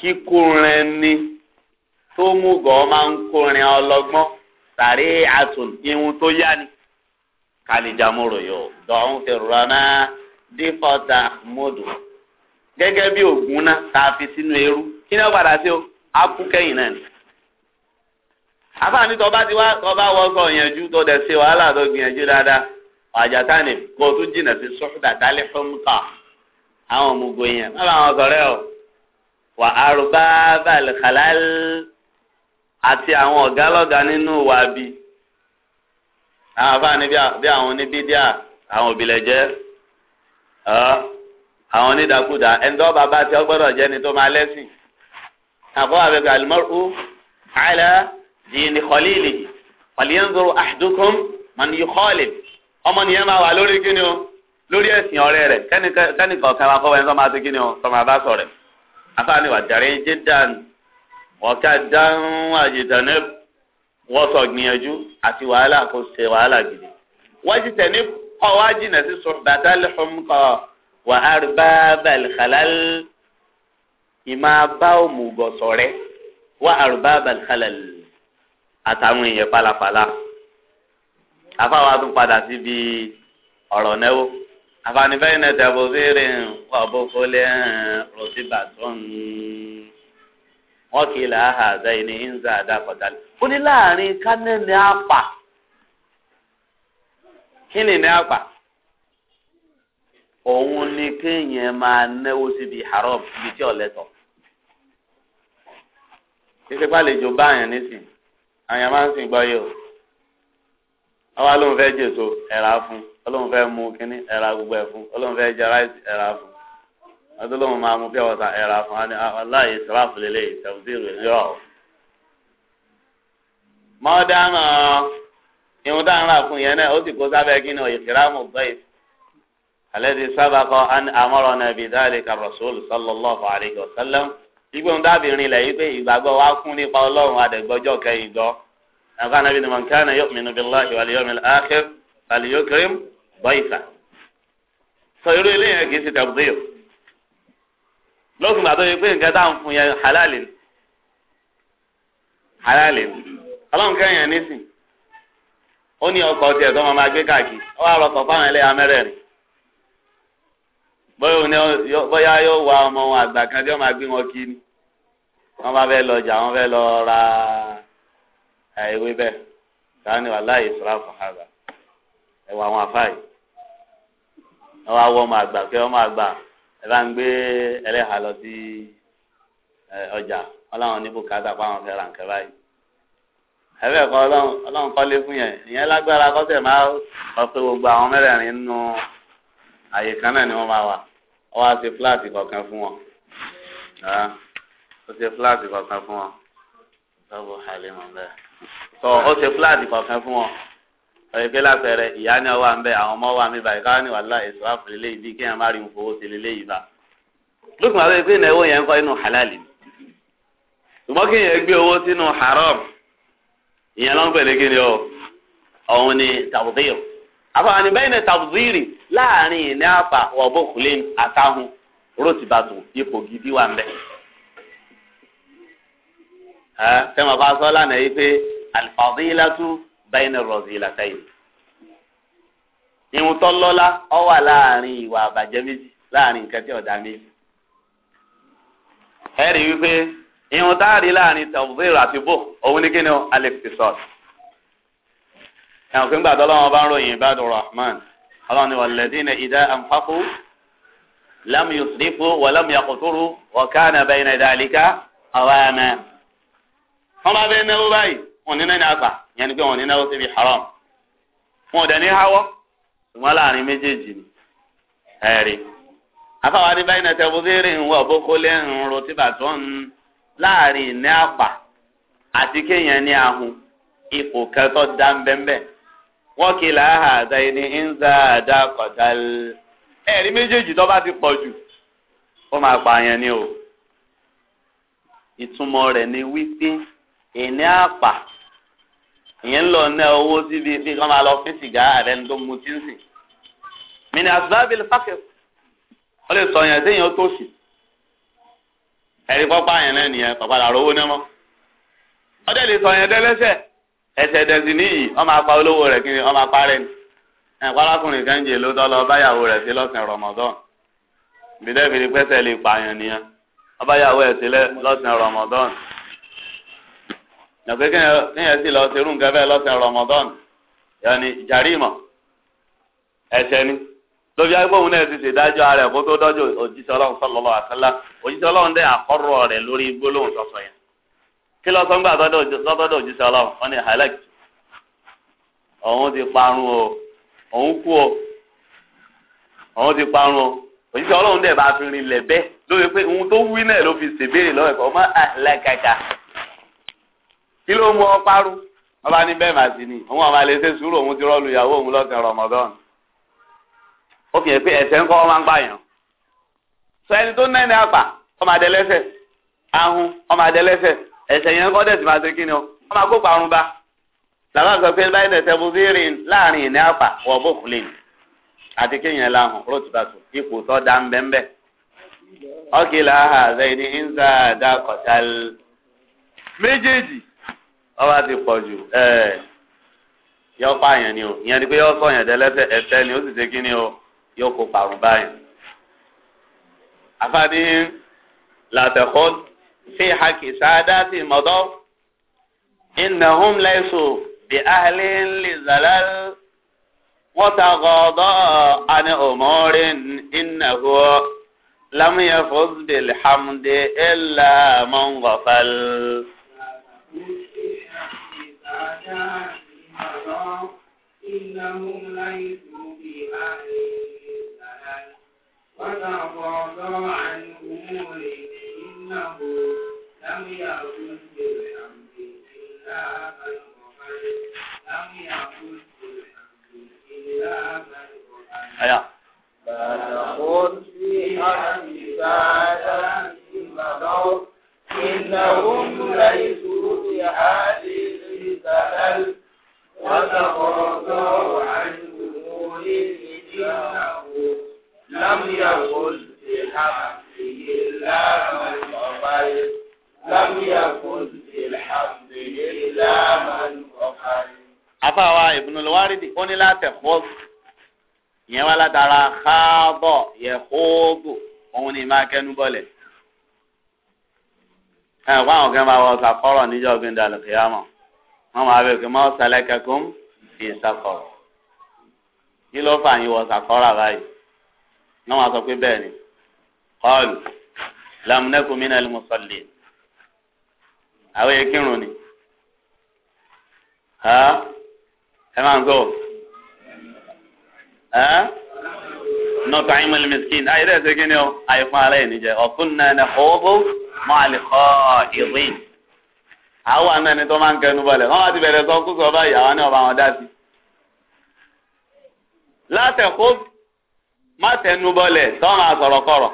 kíkórin ni tó mú gọ́ máa ń kórin ọlọ́gbọ́n sàrí àtùn ihun tó yá ni kàlìjà mòrò dọ̀hún fi rọ́nà dífọ́ta mọ́dù gẹ́gẹ́ bí ògùn náà tá a fi sínú eérú kí ni wọ́n padà sí o á kú kẹ́yìn náà ni. àfààní tó bá ti wá tó bá wọ́ sọ ìyànjú tó dẹ̀ ṣe wàhálà tó gbìyànjú dáadáa àjàtà ni kó o tún jìnnà sí sọ́ọ̀dà dálẹ́ fọ́nmùtà àwọn òmùgọ̀ yẹn má bá wọn sọ̀rẹ́ o wà àrùbá balẹ̀kàlàl àti àwọn ọ̀gá lọ́gàá nínú wa bí àwọn àfààní bí àwọn oníbídíà àwọn òbílẹ̀ jẹ́ ọ́ àwọn onídàkúdà ẹnitọ́ bàbá tí ó gbọ́dọ̀ jẹ́ ni tó máa lẹ́sìn àkọ́ àbẹ̀kọ̀ àlùmọ́rù àìlẹ́ dìínì kọ́líìlì pàlíyànzọ́rọ̀ àdúkùn mọ̀nì kọ́ọ̀lì ọmọ nìyẹn máa wà lórí kíni o lórí ẹ̀sìn ọ̀rẹ́ rẹ̀ kẹ́nìkan kan máa kọ́ wẹ́n tó máa ti kíni o tó máa bá sọ rẹ̀ afáàní wà jàre jẹ́ dàn ọ̀kà dáhùn àjìtẹ̀nẹ́ wọ́sọ̀ gbìyànjú àti wàhálà kò ṣe wàhálà gidi wájú tẹ̀ ní kọ́ wájú nẹ̀ sí sọ̀rọ̀ bàtà lẹ́fọ̀mù wà á rí bá balxalal ìmọ̀ bá òmùgọ̀ sọ̀rẹ́ wà á rí bá balxalal àtàwọn èèyàn pálapàla afáwa tún padà síbi ọ̀rọ̀ náwó afanifẹ́yìn náà tẹ̀bù fèrè wà bó fọlẹ́ rọ̀síbà tó ń kì í là á hàzẹ́ ẹni ń zà dá ó ní láàrin kánẹ́ẹ̀ni àpà kí ni ní àpà òun ni kéèyàn máa náwó síbi haram síbi tí ọ̀lẹ́tọ̀. títí pàlejò bá àyàn nísìn àyàn máa ń sìn gbọ́ yìí o ọwọ́ lóun fẹ́ jèso ẹ̀rá fún ọlọ́run fẹ́ mu kínní ẹ̀rá gbogbo ẹ̀ fún ọlọ́run fẹ́ jẹ ráìsì ẹ̀rá fún ọdún lóun máa mu pé ọ̀sà ẹ̀rá fún ah, aláàyè sàráàfù lélẹ̀ ìtẹ̀wùsírù ìlérò. mọ́dánà irun táwọn rà fún yẹn náà ó sì kó sábẹ́ kí ni ìkìrámù bẹ́ẹ̀ الذي سبق أن nàbí dáàlì ka rasul sallallahu alayhi wa sallam igbóhùn dábìrin lẹ̀ yí pé ìgbàgbọ́ wa kún nípa ọlọ́run adẹ̀gbọ́jọ́ kẹyìn gbọ́ nàbà nàbí ni mọ̀nkánà yóò mìíràn bí lọ́ọ̀hì wà lẹ́yọ́ mìíràn ákẹ́ àlìyó kérém bọ́ìfà. sọ irú ilé yẹn kìí ṣe tẹ̀bùdíyò lókùn gbàtọ́ yìí pé nǹkan tá à ń fún yẹn halali halali ọlọ́run kẹ́yìn ẹ̀ nísìn ó ní ọkọ̀ tiẹ̀ tó máa gbé káàkiri ó wà lọ́kọ̀ fáwọn ẹlẹ́yà mẹ́rẹ̀ẹ̀rin bóyá yóò wá ọmọ wọn àgbà kan tí wọ́n máa gbé wọn kí ni wọ́n bá fẹ́ lọ ọjà wọ́n fẹ́ lọ ra ewé bẹ́ẹ̀ sáà ni wàhálà ìsúráfù àgbà ẹ̀wọ̀ àwọn afáàyè ẹ wá wọ ọmọ àgbà kẹ ọmọ àgbà ẹ bá ń gbé ẹlẹ́hà lọ sí ọjà ọlọ́run ní bùkátà fáwọn fẹ́ ra nǹkan báyìí ẹbẹ̀ kọ́ ọlọ́run kọ́lé fún yẹn ìyẹn lágbára kọ́sẹ̀ máa sọ gbogbo àwọn mẹ́rẹ̀ẹ̀rin nínú àyè kan náà ni wọ́n máa wà ọ wá ṣe fúláàtì kọ̀ọ̀kan fún wọn ó ṣe fúláàtì kọ̀ọ̀kan fún wọn lọ́bù halimu bẹ́ẹ̀ sọ ó ṣe fúláàtì kọ̀ọ̀kan fún wọn ọ̀yẹ́ pé lápẹẹrẹ ìyá ni ọwọ́ àmì bẹ́ẹ̀ àwọn ọmọ wà mí báyìí káwọn ní wàhálà èso àfìlélẹ́ yìí bí kéèyàn má rí nǹkan owó tẹ̀lé lé yìí bá lókùn àwọn ẹgbẹ́ ìnáwó yẹn ń kọ́ inú halal ni ṣùgbọ́n kéèyàn gbé owó sínú haram ìyẹn ló ń kí ni ọ ọ̀hun ni tàbùzírì àfọwọ́n ni bẹ́ẹ̀ ni tàbùzírì láàrin ìní àpà ọ̀bọ̀kùnlé àtàhùn rótìbàtò ipò gidi wà mbẹ. tẹ́wọ̀n bá sọ lánàá yìí pé alifadilatu bayna rọ̀zìlátàyè. ìhun tó lọ́lá ọ wà láàrin ìwà àbàjẹ́ méjì láàrin nǹkan tí ọ̀dà méjì. ẹ rí wípé ìhun tá a rí láàrin tẹ̀wọ̀dìrì àti bò òun ní kíni o alexis sọ́ọ̀tì. ẹ̀wọ̀n fún gbàdọ́ bá ń ròyìn ibadu rahman ọlọ́run ni walladhina idha anfaqu lam yusrifu wa lam yaqturu wa kana bayna dhalika qawama. wọ́n bá bẹ́ẹ̀ náwó báyìí wọn ní náà ní àgbà yẹn ni pé wọn ní náwó síbi haram wọn dẹ̀ ní háwọ́ ṣùgbọ́n láàrin méjèèjì ni ẹ̀rí afáwọn adébáyé náà tẹ́wọ́ béèrè ń wọ̀ bókó lẹ́hìn ń láàrin ní àpà àti kéèyàn wọ́n kì í là á hà àdáyé ní ńzà àdá kọ̀tàl. ẹ̀rí méjèèjì tó bá ti pọ̀ jù ó máa pa àyàn ni o. ìtumọ̀ rẹ̀ ni wípé èní àpà ìyẹn ń lọ ná owó síbi bí wọ́n máa lọ fín sìgá àrẹ ní tó mu tí ń sìn. mini asbábìlì fákẹ́ ó lè sọ yẹn téèyàn tó sì. ẹ̀rí kọ́ pa àyàn náà pàpàdà rówó náà mọ́. ọdẹ lè sọ yẹn dẹ́lẹ́sẹ̀ ẹsẹ̀ dẹ̀sí níyì ọmọ apá olówó rẹ̀ kí ni ọmọ apá rẹ̀ ni ẹ̀kọ́ arákùnrin kan jẹ ló tọ́ lọ báyàwó rẹ̀ sí lọ́sìn rọmọdán bìdẹ́bìrì pẹ́sẹ̀ lè pààyàn nìyẹn ọbáyàwó ẹ̀ sílẹ̀ lọ́sìn rọmọdán yàtọ̀ kéèyàn sì lọ serú nǹkan bẹ́ẹ̀ lọ́sìn rọmọdán yàní jàrímọ̀ ẹ̀ṣẹ̀ ni lóbi agbóhun náà ti ṣèdájọ́ ara ẹ̀ kó tó dọ́jọ́ òjíṣẹ́ ọlọ́run sọ́lọ́lọ́ àtàlá òjíṣẹ́ ọlọ́run àkọ́rọ̀ rẹ̀ lórí gbólóhùn tọ́sọ yẹn kí lọ sọ́ngbà sọ́dọ̀dọ̀ òjíṣẹ́ ọlọ́run wọ́n ní halak òun ti parun o òun kú o òun ti parun o òjíṣẹ́ ọlọ́run dẹ̀ bá fi rin lẹ̀ lórí pé ohun tó wí náà ló fi ṣèbéèrè lọ́wọ́ ẹ̀kọ́ ọmọ àlàkàkà kí ló mú ọ parun wọ́n bá ní bẹ́ẹ̀ màá sí ni òun àwọn àlè sùúrù òun ti rọ́ọ̀lù ìyàwó òun lọ́sẹ̀ rọmọdọ́n ó fi hàn pé ẹ̀sẹ̀ ń kọ́ ọmọ ń pààyàn sọ ẹni tó náà ní àpà ọmọ adẹ́lẹ́sẹ̀ ahun ọmọ adẹ́lẹ́sẹ̀ ẹ̀sẹ̀ yẹn kọ́ dẹ̀sí máa ṣe kí ni o wọ́n máa kó parun bá làwọn sọ pé báyìí nẹ̀sẹ̀ mo fi rìn láàrin ìní àpà wọ̀ bó kulè ní àti kéèyàn láhùn rótìbàtò ipò tó dá ń bẹ́ńbẹ́ ọ̀kìlà àzẹ́yìn ní ńzà dá kọ̀tàlì méjèèjì ọba ti pọ̀ jù ẹ̀ẹ́ yọ pààyàn ni o ìyẹn ni pé yọ sọ̀yàn dẹ́lẹ́sẹ̀ ẹ̀sẹ̀ ni ó sì ṣe kí ni o yóò kó parun báyìí. àfààní làtẹ̀kọ́ في حق سادات مضوا إنهم ليسوا بأهل للزلال وتغاضى عن أمور إنه لم يفز بالحمد إلا من غفل إنهم ليسوا بأهل للزلال وتغاضى عن أمور إنه لم يكن بالحمد إلا من غفر لم يكن بالحمد إلا من غفر فنقول في حمد بعد المنور إنهم ليسوا بحال الزلل وتخرجوا عنه látara xaabọ̀ yẹ xóòbù òun ni máa kẹnu bọ̀lẹ̀. ẹ wọ́n àwọn kan máa wọ sàkọ́rọ̀ níjọ́ gbẹ̀ndà lùkìyàmọ̀ wọ́n máa bẹ̀rẹ̀ kí wọ́n sálẹ̀ kẹ́kọ̀ọ́ fi sàkọ̀rọ̀. kí ló fà yín wọ sàkọ́rọ̀ báyìí wọ́n máa sọ pé bẹ́ẹ̀ ni kọ́ọ̀lù làmúnẹ́kùnmí náà ló mọ̀ sọ́lẹ̀ àwọn yẹn kírun ni ẹ máa ń gbọ́ ẹ nọta imal miskin àìrẹ́ ẹ̀sẹ̀ kí ni ọ àìfún ara ẹ̀ níjẹ ọ̀kún náà ní ọ̀bọ̀ mọ́ àlìkọ́ ìrìn. àwọn àna ẹni tó máa ń kẹnu bọ̀lẹ̀ wọ́n wá ti bẹ̀rẹ̀ sọ kó sọ báyìí àwọn ní ọba wọn dá sí. látẹ̀kọ́ má tẹnu bọ̀lẹ̀ tó máa sọ̀rọ̀ kọ̀rọ̀.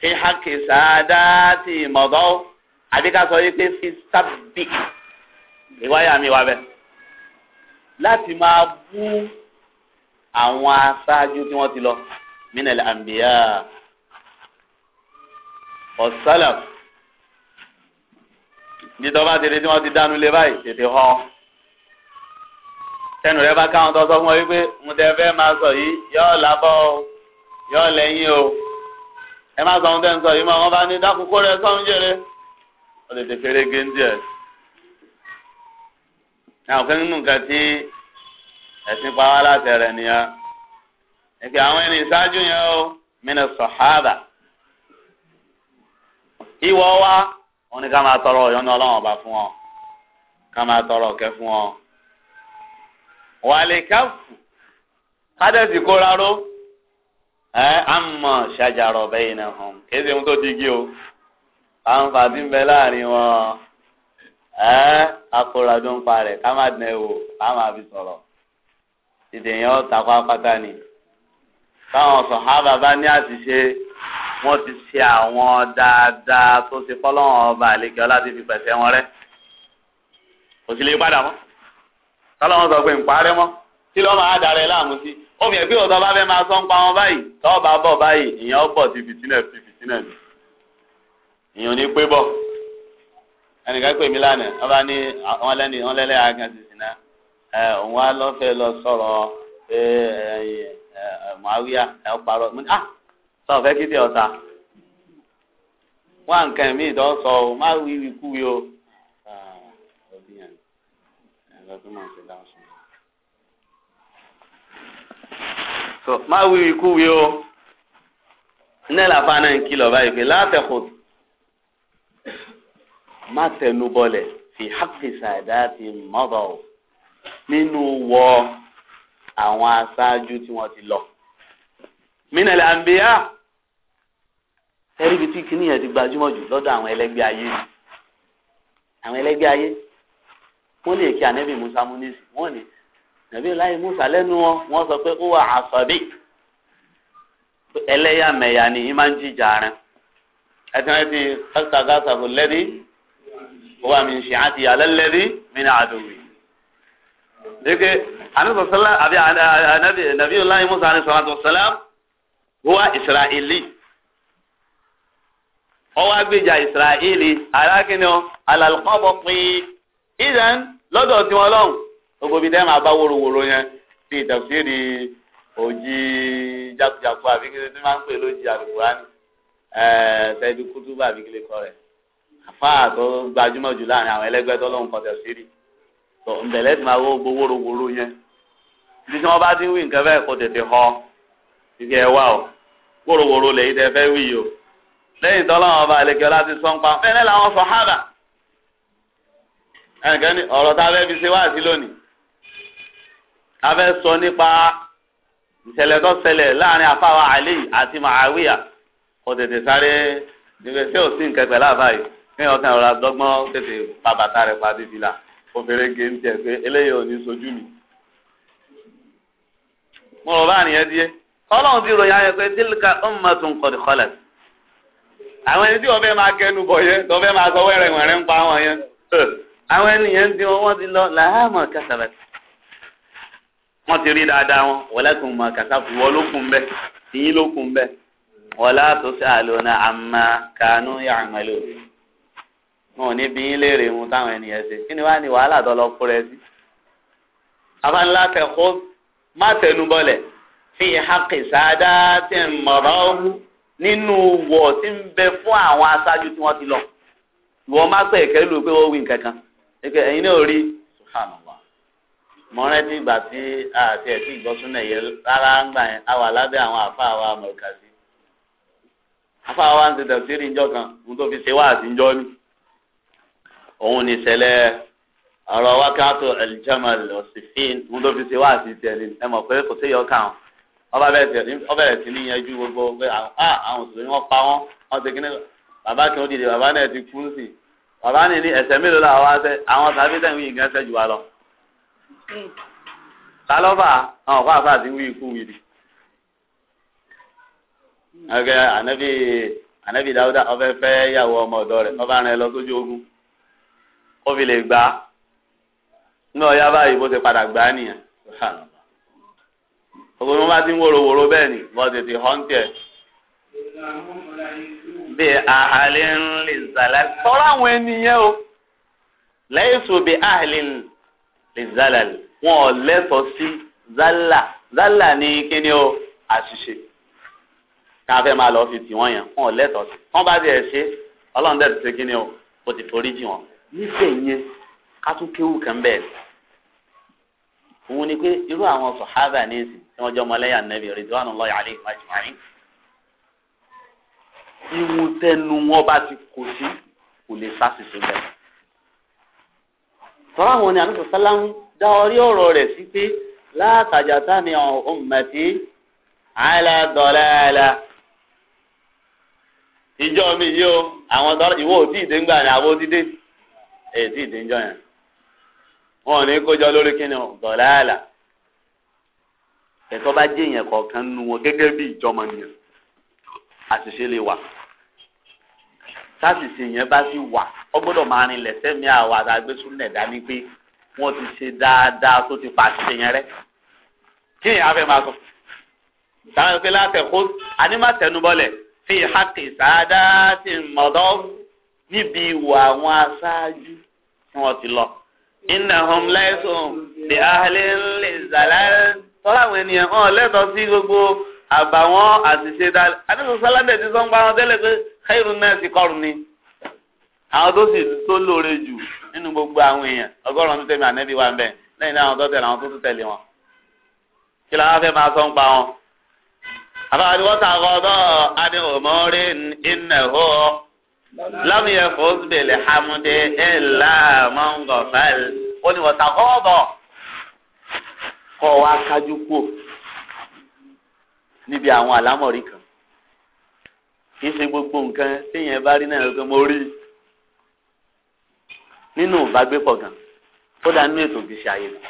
fi hàkì sáadá ti mọ̀dọ́ àdíkà sọ yìí pé fi sábì ìwáyà mi wá bẹ́ẹ̀ láti máa bú àwọn aṣáájú tí wọ́n ti lọ minal anbiya ọ̀sálàf nítorí tètè tí wọ́n ti dánú lé báyìí tètè họ tẹnu rẹ bá káwọn tó sọ fún ọ wípé mo tẹ fẹ́ máa sọ yìí yọọ lábọ o yọọ lẹ́yìn o ẹ má sọ ohun tẹ ń sọ yìí mọ wọn bá ní dákúkú rẹ sọhún jèrè ọ tètè fèrè géńdíẹ àwọn kan nínú nǹkan tí ẹ̀sìn pa wá láti rẹ̀ nìyẹn ìpè àwọn ẹni ìṣáájú yẹn ó mìíràn sọ̀háàbà ìwọ wa wọn ni ká máa tọrọ ìyọ́nú ọlọ́run ọba fún ọ ká máa tọrọ ọ̀kẹ́ fún ọ. wàlẹ̀ káfù kádẹ́sì kóra ró ẹ àmọ ṣàjàrọ bẹyìn náà hàn kéde ohun tó digi o àǹfààní bẹ láàrin wọn ẹ akóradó ń parẹ ká má dùn ẹ wò ká má fi sọ̀rọ̀ ìdèyàn ọ̀tàkọ́ apáta ni táwọn sọ̀hábà bá ní àṣìṣe wọ́n ti ṣe àwọn dáadáa tó ti fọ́lọ́wọ́n ọba àlekè ọlá ti fi pẹ̀sẹ̀ wọn rẹ́ kò sì lè padà mọ́ tọ́lọ́wọ́n sọ pé ń parẹ́ mọ́ tí lọ́ọ́ máa dàrẹ́ láàmú sí omi ẹ̀gbẹ́ ọ̀tọ́ bá fẹ́ máa sọ ń pa wọn báyìí tọ́ bá bọ̀ báyìí ìyẹn bọ̀ ti fìtínẹ̀ fi fìtínẹ̀ ni ìyẹn ò ní pé bọ̀ ẹnìkan pè mí lánàá wọ́n ní wọ́n lẹ́ni wọ́n lẹ́lẹ́ àgàntì sí náà òun á lọ fẹ́ lọ sọ̀rọ̀ pé màáwíà ẹ̀ parọ́ mo ní ah sọ fẹ́ kí ni ọ̀tá wá nǹkan mi sọ ọ má wí wí kú wí o. so má wí wí kú wí o ní ẹ̀làfà náà ń kìlọ̀ báyìí pé látẹ̀kùn má tẹnu bọlẹ̀ fi hàpì sàdá ti mọ́bà nínú wọ àwọn aṣáájú tí wọ́n ti lọ. mínàlẹ̀ àǹbíyá ẹ̀ríbi tí kìnìyàn ti gbajúmọ̀ jù lọ́dọ̀ àwọn ẹlẹ́gbẹ́ ayé àwọn ẹlẹ́gbẹ́ ayé wọ́n lè kí ànẹ́bí musa múnisì wọ́n ní nàbí láyé musa lẹ́nu wọn wọ́n sọ pé ó wà àsọ̀bí ẹlẹ́yàmẹ̀yà ni ìmá ń jìjà rẹ̀ ẹ̀tẹ́rẹ́tì fẹ́tàgà sàbò lẹ́dí ó wà mí ṣe àti ìyàlẹ́ lẹ́dí mí ní àdòwì deke anabi sallam abi anabi nabiyullahi musa alayhi salatu wassalam huwa israeli ọwọ agbèjà israeli alákìnní ọ alalqabọ pin idan lọ́dọ̀ tiwọn lọ́hùn gbogbo bíi dẹ́rẹ́ máa bá wòrowòro yẹn bí ìtàkùsírì òjì jakujaku àbíkílẹ tí máa ń pè lójì àlùkùránì tẹbi kútúbà àbíkílẹ kọ rẹ àfáà tó gbajúmọ̀ jù láàrin àwọn ẹlẹgbẹ́ tó lóhùn kọtẹ sírì tó ǹdẹ̀lẹ́ ti máa wó gbowó rogoro yẹn bí tí wọ́n bá ti ń wí nǹkan bẹ́ẹ̀ kó tètè họ ìgbà ẹ̀ wá o wórówóró lẹ́yìn tẹ́ fẹ́ wí yìí o lẹ́yìn tó lọ́wọ́ ọba àlekè ọlá ti sọ́n pa bẹ́ẹ̀ làwọn sọ hábà ẹnìkan ní ọ̀rọ̀ tá a fẹ́ fi ṣe wá sí lónìí a fẹ́ sọ nípa ìṣẹ̀lẹ̀ tó ṣẹlẹ̀ láàrin àfáwà àlè àti màáwíyà kó tètè sáré nígbà tí nǹkan pẹ̀lú àbáyé ní ọkàn ọ̀rọ̀ àdọ́gbọ́n tètè bàbàtà rẹ̀ pa bíbí la obìnrin gé ń tẹ̀ pé eléyìí ò ní sojú mi. mo rọ̀ bá nìyẹn díẹ̀ ọlọ́run ti ròyìn ayẹyẹ pé tílíkà ummatun qad khalat. àwọn ẹni tí wọ́n fẹ́ máa kẹnu bọ̀ yẹn tó fẹ́ máa sọ wẹ́rẹ̀ wẹ̀rẹ̀ ń pa wọn yẹn. àwọn ènìyàn tí wọ́n ti lọ làhámọ̀ kasabat. wọ́n ti rí dáadáa wọn walakum ma kasabu wọ́n ló kún bẹ́ẹ̀ ìyín ló kún bẹ́ẹ̀ wala tusaluna amma kanu ya'malun wọn ò ní bí yín léèrè ohun táwọn ènìyàn ṣe kí ni wàá ní wàhálà tó lọ fúnra ẹ sí. abánilá tẹ̀kọ́ má tẹnu bọlẹ̀ fi hàkì sáadá tí ń mọ̀rọ̀ ọ́hú nínú wọ̀ tí ń bẹ fún àwọn aṣáájú tí wọ́n ti lọ. ìwọ má pè kẹ́ lù pé ó wí nǹkan kan ẹ̀kẹ́ ẹ̀yin náà rí subhanallah. mọ̀rẹ́tì ìgbà tí àti ẹ̀sìn ìgbọ́súnà yẹn rárá ń gbà yẹn a wà lábẹ́ àwọn àfáà wa mọ̀ọ́kà sí. àfáà wa ń ṣe tẹ̀síìrì ńjọ́ kan ohun tó fi ṣe wá àtijọ́ ni òun ní ṣẹlẹ̀ ọ̀rọ̀ wákàtò aljamal ọsifin òun ló fi ṣe wáàsí tiẹ̀ ní ẹ mọ̀ pé kò sí yọkà wọn ọba bẹ̀rẹ̀ sí ní yanjú gbogbo pé àwọn òṣèlú wọn pa wọn wọn ti kí ni bàbá kí wọn dìde bàbá náà ti kú sí bàbá ní ní ẹsẹ̀ mélòó làwọn wá sẹ àwọn tàbí sẹyìn yìí gan sẹjù wa lọ talọ́fà àwọn ọ̀pá àfà ti wí ikú wí di. ẹgbẹ́ ànábì ànábì dáúdà ọfẹ́ fẹ́ yàwó ọmọ ọ̀dọ́ rẹ̀ ọba rẹ̀ lọ sójú ogun kó fi lè gbà á ní ọ̀yá báyìí bó ti padà gbà á nìyẹn gbogbo mi máa ti ń wòrowòro bẹ́ẹ̀ ni bọ́ tètè họ́ńtì ẹ̀. bí ahàlẹ́ ń lè zàlẹ́ sọ́rọ́ àwọn ènìyàn o lẹ́yìn tó bí ahàlẹ́ ń lè zàlẹ́ wọn ò lẹ́tọ̀ọ́ sí zàlà zàlà ní kíni o àṣìṣe ká fẹ́ máa lọ fi tì wọ́n yẹn wọn ò lẹ́tọ̀ọ́ sí wọ́n bá tiẹ̀ ṣe ọlọ́run dẹ̀ ti ṣe kíni o kò ti forí jì wọ́n nífẹ̀ yẹn ká tún kéwù kan bẹ́ẹ̀ òun ni pé irú àwọn sọ̀hábà ní ìsìn tí wọ́n jọ ọmọlẹ́yà nẹ́bí ridwanullahi alaihim ajma'in ìwù tẹnu wọn bá ti kò sí kò lè sásìsì bẹ́ẹ̀ tọ́lá wọn ni àlùfáà sálá dá orí ọ̀rọ̀ rẹ̀ sí pé látàjà sáni ummati ala dalala ìjọ mi yìí o àwọn tọ́lá ìwọ òtí ìdéngbà ni àwọn òtí èyí ìdíjọ yẹn wọn ò ní kójọ lórí kíni dọ̀láàlà ẹ̀tọ́ bá jẹ́ èèyàn kọ̀ọ̀kan nu wọn gẹ́gẹ́ bí ìjọmọ nìyẹn àṣìṣe lè wà sáṣìṣe yẹn bá sì wà ó gbọ́dọ̀ máa rin lẹ́sẹ̀ mi àwọn àtàgbésùn nẹ̀ dání pé wọ́n ti ṣe dáadáa tó ti pa àṣìṣe yẹn rẹ́ kí èèyàn á máa sọ sáwọn ìpínlẹ̀ àtẹ̀kọ́ àní má tẹnubọ́lẹ̀ fi hàkì sáadá ti mọ̀dọ́ níbi ìwà àwọn aṣáájú tí wọ́n ti lọ. innahum laysu bi ahlil zalal tọ́lá àwọn ènìyàn hàn lẹ́tọ̀ọ́ sí gbogbo àbàwọ́n àṣìṣe dáadáa. adéṣe sáládẹ̀ ti sọ́n pa àwọn tẹ́lẹ̀ pé khairun nasi qarni. àwọn tó sì tó lóore jù nínú gbogbo àwọn èèyàn ọgọ́rùn-ún tó tẹ̀mí ànẹ́bí wa ń lẹ́yìn náà àwọn tó tẹ̀lé àwọn tó tún tẹ̀lé wọn. kí la wá fẹ́ máa sọ́n pa wọn. àbáwọ̀ ni wọ́n ta ọgọ́ lọ́mí yẹn fò bèlè hamudé ẹ̀ láàmúngọ̀ fáìlì ó ní wọ́tà kọ́ọ̀bọ̀ kọ́ wa kájú kú níbi àwọn àlámọ̀rí kan kì í ṣe gbogbo nǹkan téèyàn bá rí náà lọ́gbọ́n mo rí nínú ìbágbépọ̀ gan kódà nínú ètò ìgbésí ayé mi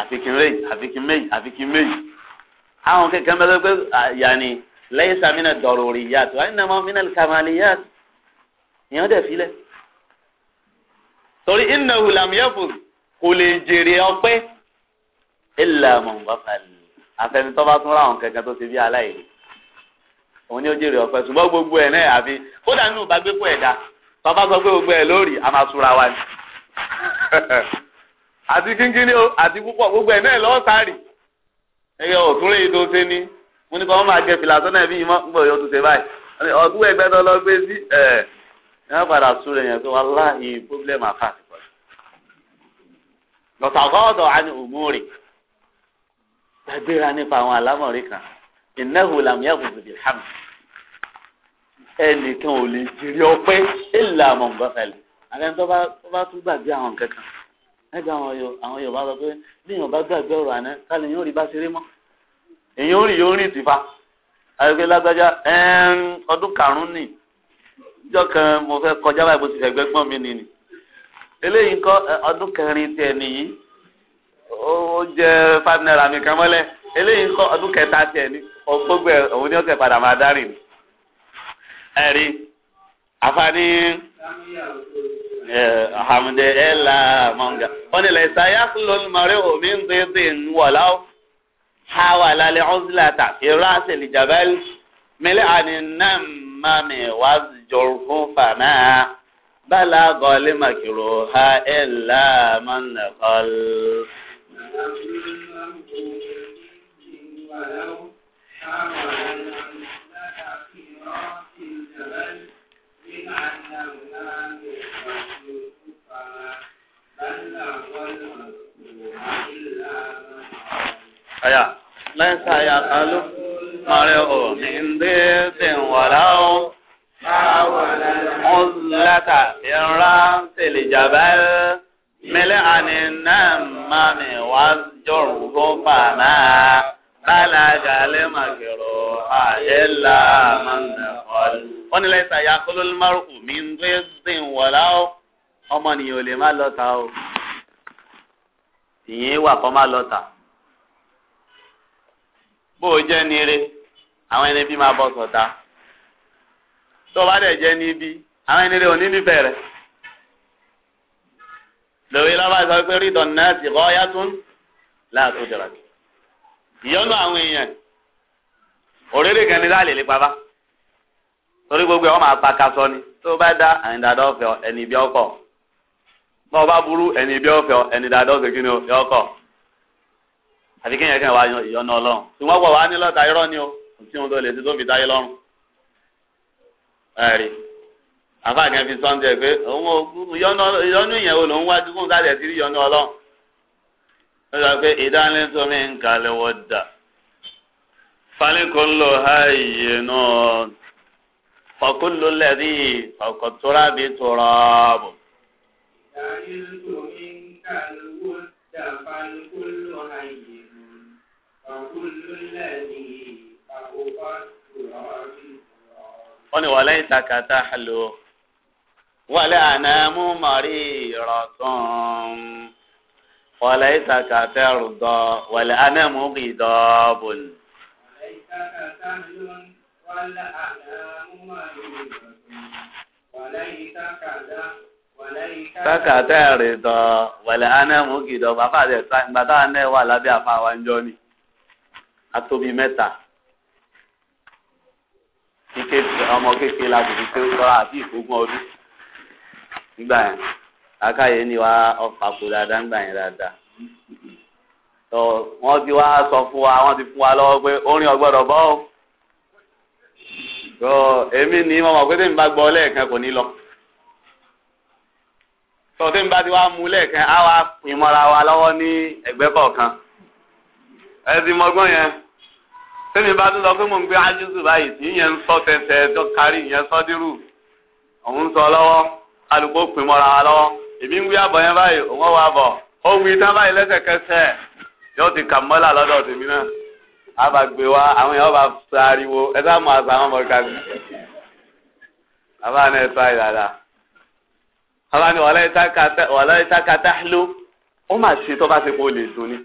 àfikún méjì àfikún méjì àfikún àwọn kẹ̀kẹ́ mẹ́lẹ́gbẹ́ yanni. ليس من الضروريات وإنما من الكماليات يهدى فيله torí innahu lam yafuz kò lè jèrè ọpẹ́ illa man ghafal àfẹnitọ́ bá tún ráhùn kankan tó ti bí aláìlè òun ni ó jèrè ọpẹ́ ṣùgbọ́n gbogbo ẹ̀ náà àfi kódà nínú ìbágbé fún ẹ̀dá bàbá sọ pé gbogbo ẹ̀ lórí a máa súra wa ni àti kínkínní àti púpọ̀ gbogbo ẹ̀ náà lọ́ọ́ sáré ẹ̀yọ òtún lè tó ṣe ní mo ní kọ́ wọ́n máa gẹ fìlà sọ́nà ẹ̀mí yìí mọ́ ń gbọ́ yóò tún ṣe báyìí ọdún ẹgbẹ́ tó lọ gbé sí ẹ̀ ẹ̀ wọ́n padà sún rẹ̀ yẹn pé wàláhì pọ́blẹ́mù àfà ti pọ̀ lọ́tàkọ́ọ̀dọ̀ á ní òmùrè gbàgbéra nípa àwọn àlámọ̀rí kan ìnáwó làmúyàwó bìbí hàmù ẹnìkan ò lè jèrè ọpẹ́ ìlà àmọ̀ǹgbọ́fẹ́lẹ̀ àgbẹ̀ni tó bá tún gbàgbé àwọn kankan èyí ó rìn yóò rìn tìfa àyọkẹ́ lágbájá ọdún karùn nì ìjọ kan mo fẹ́ kọjá báyìí bó ti fẹ̀gbẹ́ gbọ́n mi nìyí eléyìí kọ́ ọdún kẹrin nìyí ó five naira mi kan eléyìí ọdún kẹta ní òun ni padà máa dárìn omi ń dín dín hawa lálẹ́ ọ́sílàtà ìrọ́àṣẹ lìjàbẹ́lì mílẹ̀ àní náà mami wá jọrù fún fàmà bala gọlí màkìrò ha ẹ̀ là mọ́nà kọ́l. أيا ليس يقل مرء من ضيق ولو حاول العزلة في رأس الجبل ملعن النمم والجرب فما بلغ المكروه إلا من قل wọ́n ní lẹ́sà ya kólólmárùkù mi ń gbé dín wọ̀lá ó ọmọnìyàn ò lè má lọ́ta ó ìyẹn wà kọ́ má lọ́ta bó o jẹ́ nire àwọn ẹni bí máa bọ́ sọ̀tá tó o bá dẹ̀ jẹ́ níbi àwọn ẹni rẹ̀ ò ní nífẹ̀ẹ́ rẹ̀ lórí lọ́ba sọ pé rídọ̀ náà ti kọ́ yá tún láàtó jọra kí ìyọ́nú àwọn èèyàn òrèrè kan ní láàlè lè pabá torí gbogbo ẹ̀ wọ́n máa pa kaṣọ ni tó o bá dá àyìndàdọ́ ọ̀fẹ́ ẹni bí ọkọ̀ bọ́ọ̀ bá burú ẹni bí ọ̀fẹ́ ẹni dàdọ́ ọ̀fẹ́ kí ni ọkọ̀ àti kéèyàn kẹ́hìn wá ìyọnu ọlọ́run tí wọ́n gbọ́ wá ní lọ́ta irọ́ ni o kò sí ohun tó lè ti tó fi táyé lọ́rùn. ẹ̀rí àfa kan fi sọ́ńdẹ̀ pé òun ìyọnu ìyẹn wo lòun wá dúkùn sáà sí ìyọnu ọlọ́run. ó sọ pé ìdánilẹ́sọ̀mí ń kalẹ̀ wọ́n dà falikun lo hayi nù fakulu lẹ́dí fakotura ìdánilẹ́sọ̀mí ń kalẹ̀ wọ́n dà falikun wọ́n ní wàlẹ́ ìtakàtà lò wàlẹ́ ànámú mọ̀rí rọ̀tún wàlẹ́ ìtakàtà rùdọ̀ wàlẹ́ ànámú bìdọ̀ bùn. Takàtà rìdọ̀ wàlẹ́ ànámú gìdọ̀ bàbá àti ẹ̀ta ìgbà táwọn náà wà lábẹ́ àfa wa ń jọ ni atóbi mẹ́ta kíké ọmọ kékeré láti fi kéwù sọ́ra àti ìfógún ọdún nígbà yẹn akáyé ni wàá ọ̀fà kò dáadáa nígbà yẹn dáadáa tó wọ́n ti wá sọ fún wa wọ́n ti fún wa lọ́wọ́ pé orin ọgbọ́dọ̀ bọ́ ọ́ tó èmi ni mo mọ̀ pé tèmi bá gbọ́ lẹ́ẹ̀kan kò ní lọ tó tèmi bá ti wá mú lẹ́ẹ̀kan á wá pín mọ́ra wa lọ́wọ́ ní ẹgbẹ́ kọ̀ọ̀kan ẹ̀sìn mọ́gbọ́n yẹn sẹ́mi bá tún lọ pé mò ń gbé ájúzù báyìí tí ìyẹn ń sọ tẹ̀tẹ̀ tó kárí ìyẹn sọ dírù òun sọ lọ́wọ́ alùpùpù pè mọ́ra wa lọ́wọ́ èmi ń wí àbọ̀ yẹn báyìí òun wà bọ̀ ó wí tán báyìí lẹ́sẹ̀kẹsẹ̀ yóò ti kà mọ́là lọ́dọ̀ tèmi náà a bá gbé wa àwọn èèyàn bá sọ ariwo ẹ sá mọ àṣà àwọn ọmọkà mi àbá náà sọ ìdàdà àbá ni wàlẹ́ ìtàkàtà ló ó mà ṣe tó bá ṣe kó lè dùn ni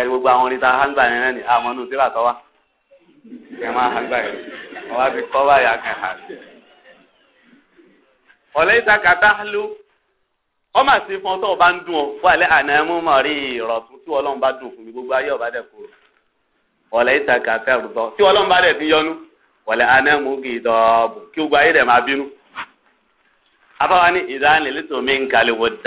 ẹ̀rí gbogbo àwọn orin tá yẹn náà ni àmọ́ nù sílà tọ́wá ẹ̀ máa hàn gbà yẹn wọ́n á fi kọ́ báyà kan hàn. ọ̀lẹ́ ìtaka dáhùlù wọ́n máa ti fún ọ tó o bá ń dùn ọ wà lẹ́ àná ẹ̀mú mọ̀ rí ìrọ̀ tí ọlọ́run bá dùn fún mi gbogbo ayé ọ̀bá dẹ̀ kúrò ọ̀lẹ́ ìtaka fẹ́rù tí ọlọ́run bá dẹ̀ ti yọnu wọ̀lẹ́ àná ẹ̀mú kì í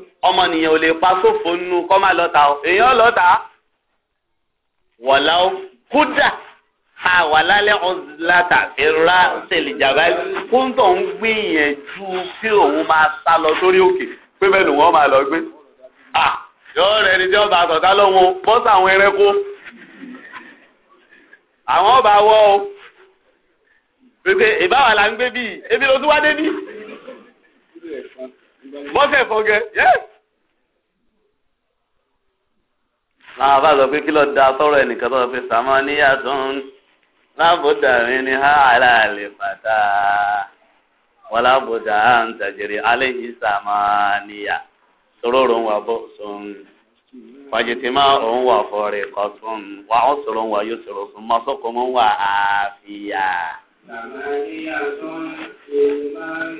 ọmọnìyàn ò lè pa sófo nínú kọ́ máa lọ ta ọ èèyàn lọ wọ̀lá ó ha wà lálẹ́ ọ̀zlátà ìrora ṣèlìjàmbá kóńtọ̀ ń gbìyànjú kí òun máa sá lọ sórí òkè pé bẹ́ẹ̀ ni wọ́n máa lọ gbé yọ̀ọ́ rẹ̀ ni tí ọba àtọ̀tá lọ́wọ́ bọ́sà àwọn ẹranko àwọn ọba wọ́ o pépé ìbáwá la ń gbé bíi ebi ló tún wá dé bí bọ́sẹ̀ fọ́gẹ́ yẹ́sì. làwọn bá sọ pé kí lọ́ọ́ da tọrọ ẹnìkan tó sọ pé ni ha àlàlè fàtà wàlábòdà à ń tàjèrè àléyìn sàmọ́ níyà sòrórò ń wà bó sùn Kwa òun wà fọ̀rẹ̀ kọ̀ sùn wà ó sòrò ń wà yóò sòrò soro mọ́ sókò mọ́ wà àfìyà. Sàmọ́ níyàtọ̀ ń ṣe máa ń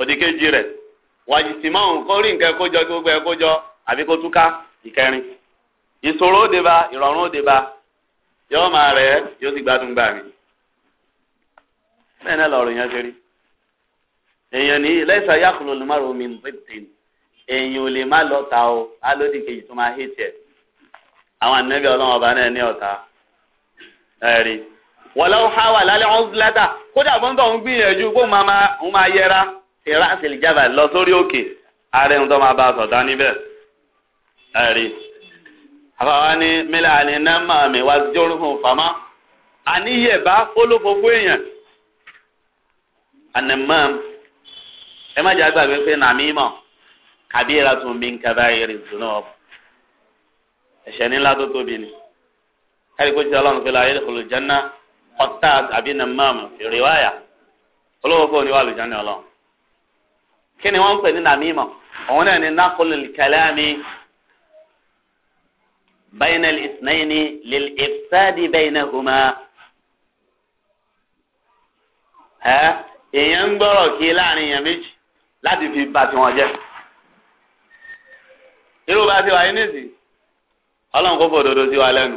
òdìkejì rẹ̀ wàjìtìmọ̀ nǹkan rí nke kójọ gbogbo ẹ kójọ àbí kó túká ìkẹrin ìṣòro òde ba ìrọ̀rùn òde ba yóò máa rẹ̀ yóò ti gbádùn gbà mí bẹ́ẹ̀ náà lọ́rọ̀ yẹn ṣe rí èèyàn ní lẹ́sà yàkùlù omi èèyàn ò lè má lọ ta o kejì tó máa hé àwọn ọba náà ní lálẹ́ lẹ́tà kódà ń gbìyànjú kó máa máa ìrà àtìlìjábà lọ sórí òkè ààrẹ ń tọ́ máa bá a sọ̀dá níbẹ̀ ẹ̀rí. àbáwá ní mílẹ̀ àní nàmà mi wá jórùhùn fàmá àníyẹ̀ bá olófófó èèyàn ànàmọ́ ẹ má jẹ́ àgbàgbé pé nàmí mọ̀ kàbíyèrà tún bí nkàbá yẹrì dùnú ọ̀ ẹ̀ṣẹ̀ ńlá tó tóbi ni kárí ti ọlọ́run fẹ́lẹ́ ayélujára olùjánná ọ̀tá àbí nàmọ́ fèrè wáyà olówó fún oníwà olùjánná ọlọ́run. kini ni pè ní nàmímọ̀ òun náà ni nákòlù kàlámi bayna ìsìnàyìní lil ifsadi baynahuma ẹ èèyàn ń gbọ́rọ̀ kí láàrin èèyàn méjì láti fi ba tiwọn jẹ́ irú bá ti wáyé nísìnyí ọlọ́run kò fòdodo sí wa lẹ́nu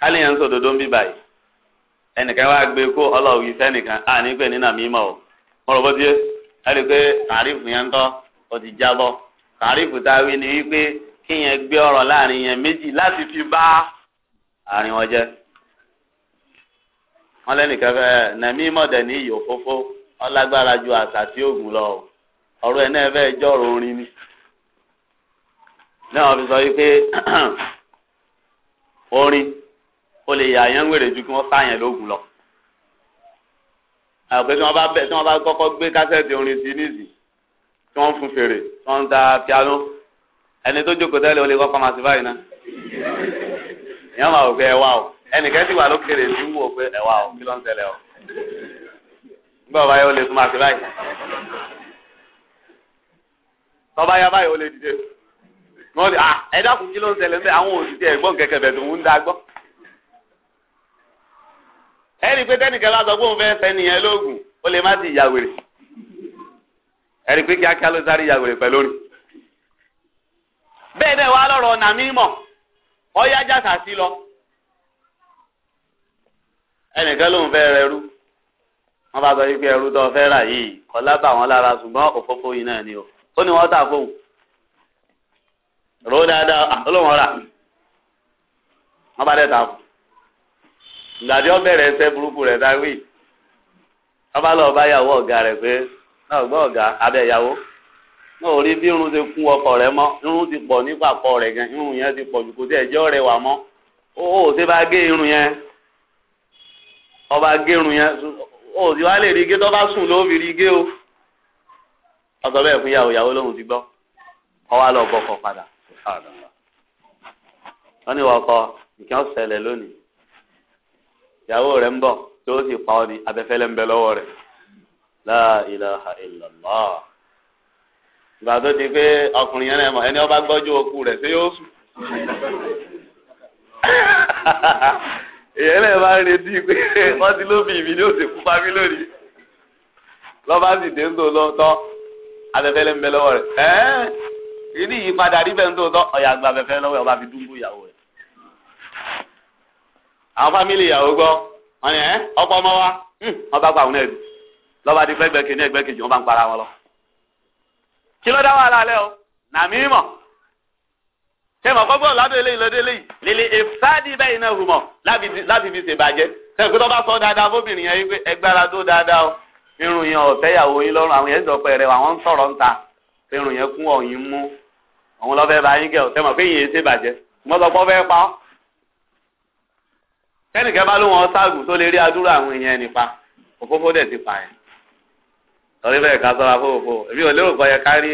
kálíyàn ń sòdodo ń bí báyìí ẹnìkan wá gbé kó yìí àní pè ní o mo rò ẹ̀rí pé tàrífù yẹn ń tọ́ ó ti jábọ́ tàrífù tá a wí ni wípé kí yẹn gbé ọ̀rọ̀ láàrin yẹn méjì láti fi bá àárín wọn jẹ́ wọn lẹ́nìkan fẹ́ nàmí mọ̀dẹ̀ ní iyò fófó ọlágbára ju àṣà tí oògùn lọ ọ̀rọ̀ ẹ̀ orin ni náà wọ́n orin ó lè yà yẹn ń wèrè ju kí àgbẹ̀ tí wọ́n bá bẹ̀ tí wọ́n bá kọ́kọ́ gbé kásẹ̀tì orin sí níìsì tí wọ́n fún fèrè tí wọ́n ń piano ẹni tó jókòó tẹ́lẹ̀ ó lè kọ́kọ́ máa ṣe báyìí náà ìyá máa wò pé ẹwà o ẹnìkan ti wà lókèrè ní wò pé ẹwà o kí ló ń ṣẹlẹ̀ o nígbà wọ́n bá yẹ ó lè máa ṣe báyìí tọ́ba yá báyìí ó dìde wọ́n lè à ẹ̀dá kù kí ló ń ṣẹlẹ̀ ń bẹ àwọn òṣìṣẹ́ ẹ̀gbọ́n ẹ̀rí pé tẹ́nìkan bá sọ pé òun fẹ́ fẹ́ nìyẹn lóògùn ó lè má ti ya wèrè ẹ̀rí pé kíákíá ló sáré ya pẹ̀lú rìn. bẹ́ẹ̀ náà lọ́rọ̀ ọ̀nà mímọ̀ jàsà lọ ẹnìkan lòun fẹ́ rẹ rú wọ́n bá sọ wípé ẹrú tó fẹ́ rà yìí kọ́ bá wọn lára ṣùgbọ́n òfófó yìí náà ni o ó ní wọ́n ìgbàdí ọbẹ̀rẹ̀ ẹsẹ̀ burúkú rẹ̀ dáwì ọba lọ bá yàwó ọ̀gá rẹ̀ pé náà gbọ́ ọ̀gá abẹ́ ìyàwó náà rí bí irun ti kún ọkọ rẹ̀ mọ́ irun ti pọ̀ nípa ọkọ rẹ̀ gan irun yẹn ti pọ̀ jù kò tí ẹ̀ jẹ́ ọ̀rẹ́ wà mọ́ ó ò ti bá gé irun yẹn ọba gé irun yẹn ó ti wá lè rí gé tó bá sùn ló fi rí gé o ọsọ bẹ́ẹ̀ fún yàwó yàwó lòun ti gbọ́ ọwọ́ lọ bọ́kọ padà wọ́n ní wọ́kọ nǹkan ṣẹlẹ̀ lónìí ìyàwó rẹ̀ ń bọ̀ tí ó sì pa ọ́ ní abẹ́fẹ́lẹ́ ń bẹ lọ́wọ́ rẹ̀ la ilaha illallah ìgbà tó ti pé ọkùnrin yẹn náà ẹni ọba gbọ́jú okú rẹ̀ ṣé yóò sùn ìyẹn náà bá retí pé wọ́n ti lóbi mi ni ó sì kú pa lónìí lọ́ba sì dé ń tó lọ́tọ́ abẹ́fẹ́lẹ́ ń bẹ lọ́wọ́ rẹ̀ ẹ́ẹ́ ìdí ìyípadà rí bẹ́ẹ̀ ń tó lọ́tọ́ ọ̀yà àgbà abẹ́fẹ́lẹ́ lọ́wọ́ ọba fi dúró ìyàwó rẹ̀ àwọn fámìlì ìyàwó gbọ́ wọn ni ẹ ọ̀pọ̀ ọmọ wa wọn bá pa àwọn ẹbí lọba di fẹ gbẹkẹ ní ẹgbẹ́ kejì wọn bá ń para wọn lọ. kí ló dá wàhálà lẹ o nàmí mọ ṣé mọ kọ́gbọ́n lábẹ́ eléyìí lọ́dẹ́ eléyìí lílé ìfádì bẹ́ẹ̀ iná hù láti fi ṣèbàjẹ́ ṣẹ́gun tó bá sọ dáadáa fóbìnrin yẹn wípé ẹgbára tó dáadáa o irun yẹn ọ̀tẹ́yàwó yín lọ́rùn àwọn yẹn ń dọ̀pẹ́ rẹ àwọn sọ̀rọ̀ ń irun yẹn kún ọ̀yìn mú òun lọ́fẹ́ bá yín kẹ́ ọ̀tẹ́ mọ̀ pé ìyẹn ṣèbàjẹ́ mọ́tò pọ́ fẹ́ pa ọ́ kẹ́nìkẹ́ bá ló wọn ságùn tó lè rí adúrú àwọn èèyàn nípa òfófó dẹ̀ ti pààyàn torí bẹ́ẹ̀ ká sọ́ra fún òfò èmi ò lérò kọ́ yẹ ká rí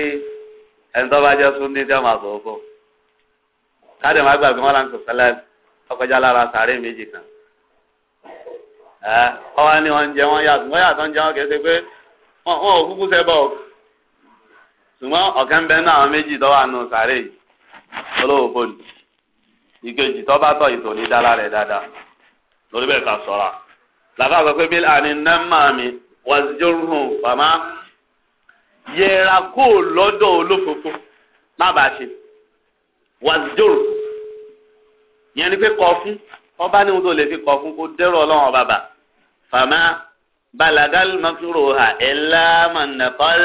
ẹni tó bá jẹ́ súndí tí wọ́n máa sọ òfò káàdì má gbàgbé wọn láǹkó sẹ́lẹ̀ ọkọjá lára sàárè méjì kan ọwọ́ ni wọ́n jẹ wọ́n yàtọ̀ wọ́n yàtọ̀ ń jẹ wọ́n kì pé wọ́n ò kúkú sẹ́ bọ̀ ṣùgbọ́n ọ̀kẹ́ ń bẹ ní àwọn méjì tó wà nù sàárè yìí lórí bẹ́ẹ̀ ká sọ́ra làbá àgbà bíi àní nàmà mi wàzíjọ́rùhùn fàmà yẹra kó lọ́dọ̀ olófòfò má bàa ṣe wàzíjọ́rù yẹn ni pé kọ fún wọn bá ní ohun tó lè fi kọ fún kó dẹ́rù ọlọ́run bàbá fàmà balagal makiro ha ẹ̀la mọ̀nàkọ́l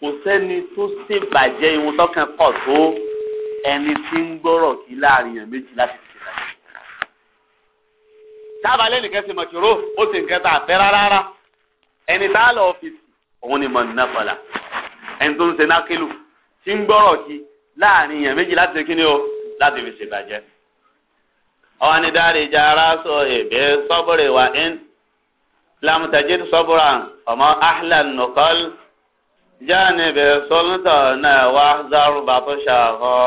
kò sẹ́ni tó ṣèbàjẹ́ ìwọ̀n tọkàn pọ̀ tó ẹni tí ń gbọ́rọ̀ kí láàrin yàn méjì láti sábàlẹ́ nìkan ti mọ̀kìró ó sì nǹkan tá a fẹ́ rárá ẹni tá a lọ ọ́fíìsì òun ni mọ̀nì náà fọlá ẹni tó ń ṣe nákìlù tí ń gbọ́rọ̀ kí láàrin èèyàn méjì láti kí ni o láti fi ṣèbàjẹ́. ọ̀hún ni dáre ìjà ara sọ èbè sọ́bùrì wà ń lámùtàjì sọ́bùrà ọmọ ahlan nùkọ́l jáàní bẹ̀ sọ́lùtọ̀ náà wá zárùbà tó ṣàkọ́.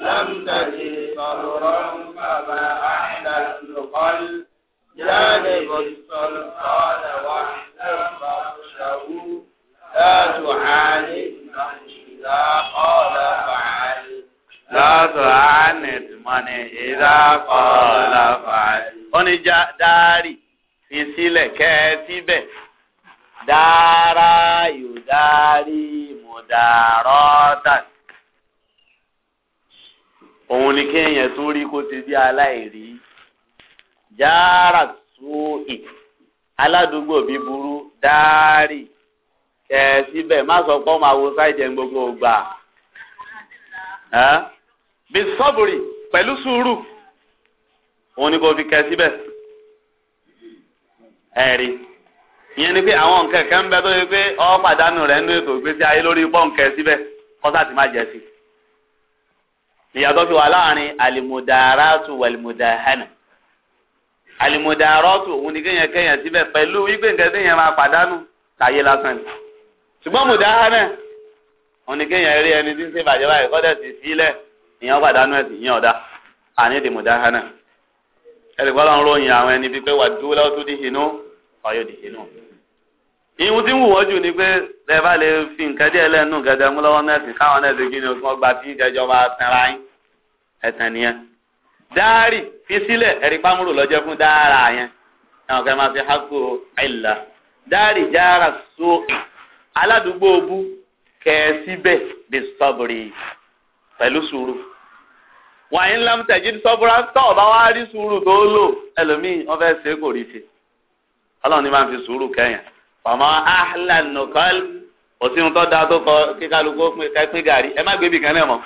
لم تجد صبرا فما أحلى النقل جانب السلطان وحده فاخشه لا تعاند من إذا قال فعل لا تعاند من إذا قال فعل oníjà dáárì ìsílẹ̀ في bẹ̀ dáárà yóò dáárì mọ̀dàrọ́tà. òun ni kéèyàn tó rí kó ti bí aláìrí jára tó ì aládùúgbò bí burú dáárì kẹ síbẹ̀ má sọ pé ọmọ àwo sáìdì ẹn gbogbo ògbà bí sọ́bùrì pẹ̀lú sùúrù òun ni kò fi kẹ síbẹ̀ ẹ̀rí ìyẹn ni pé àwọn nǹkan kan ń bẹ tó yẹ pé ọ pàdánù rẹ̀ nínú ètò ìgbésí ayé lórí pọ́ǹkẹ́ síbẹ̀ kọ́sà ti má jẹ sí ìyàtọ̀ fi wà láàrin alimudaratu walimudahana alimudaratu òun ni kéèyàn kéèyàn síbẹ̀ pẹ̀lú wípé nǹkan téèyàn máa pàdánù tàyé lásán ni ṣùgbọ́n mudahana òun ni kéèyàn rí ẹni tí ń ṣe bàjẹ́ báyìí kọ́dẹ̀ sì sílẹ̀ ìyẹn pàdánù ẹ̀sìn ìyẹn ọ̀dà àní di mudahana ẹ̀rí kọ́ lọ́n ròyìn àwọn ẹni bíi pé wà dúró lọ́wọ́ tó ọ̀yọ́ di ìhun tí ń wù wọ́n jù ni pé ẹ bá lè fi nǹkan díẹ̀ lẹ́nu nǹkan jẹ mú lọ́wọ́ náà sì káwọn náà ṣe kí ni o kí wọ́n gba tí ìjẹjọ́ máa tẹ̀ra yín ẹ̀tàn nìyẹn. dáárì fi sílẹ̀ ẹ̀rí pámúrò lọ́jọ́ fún dáárà yẹn ẹ̀wọ̀n kẹ́ máa fi hákò àìlà dáárì jára so aládùúgbò bú kẹ́ ẹ síbẹ̀ bí sọ́bùrì pẹ̀lú sùúrù. wàyí ńlá mi tẹ̀jú sọ́bùrà tọ̀ bá wá rí sùúrù tó lò ẹlòmíì wọ́n fẹ́ ṣe kò rí ṣe ọlọ́run ní máa fi sùúrù kẹ́yìn ọmọ ahlan nukal òsínú tó da tó kọ kíkálukú kẹpín gàrí ẹ má gbébì kan náà mọ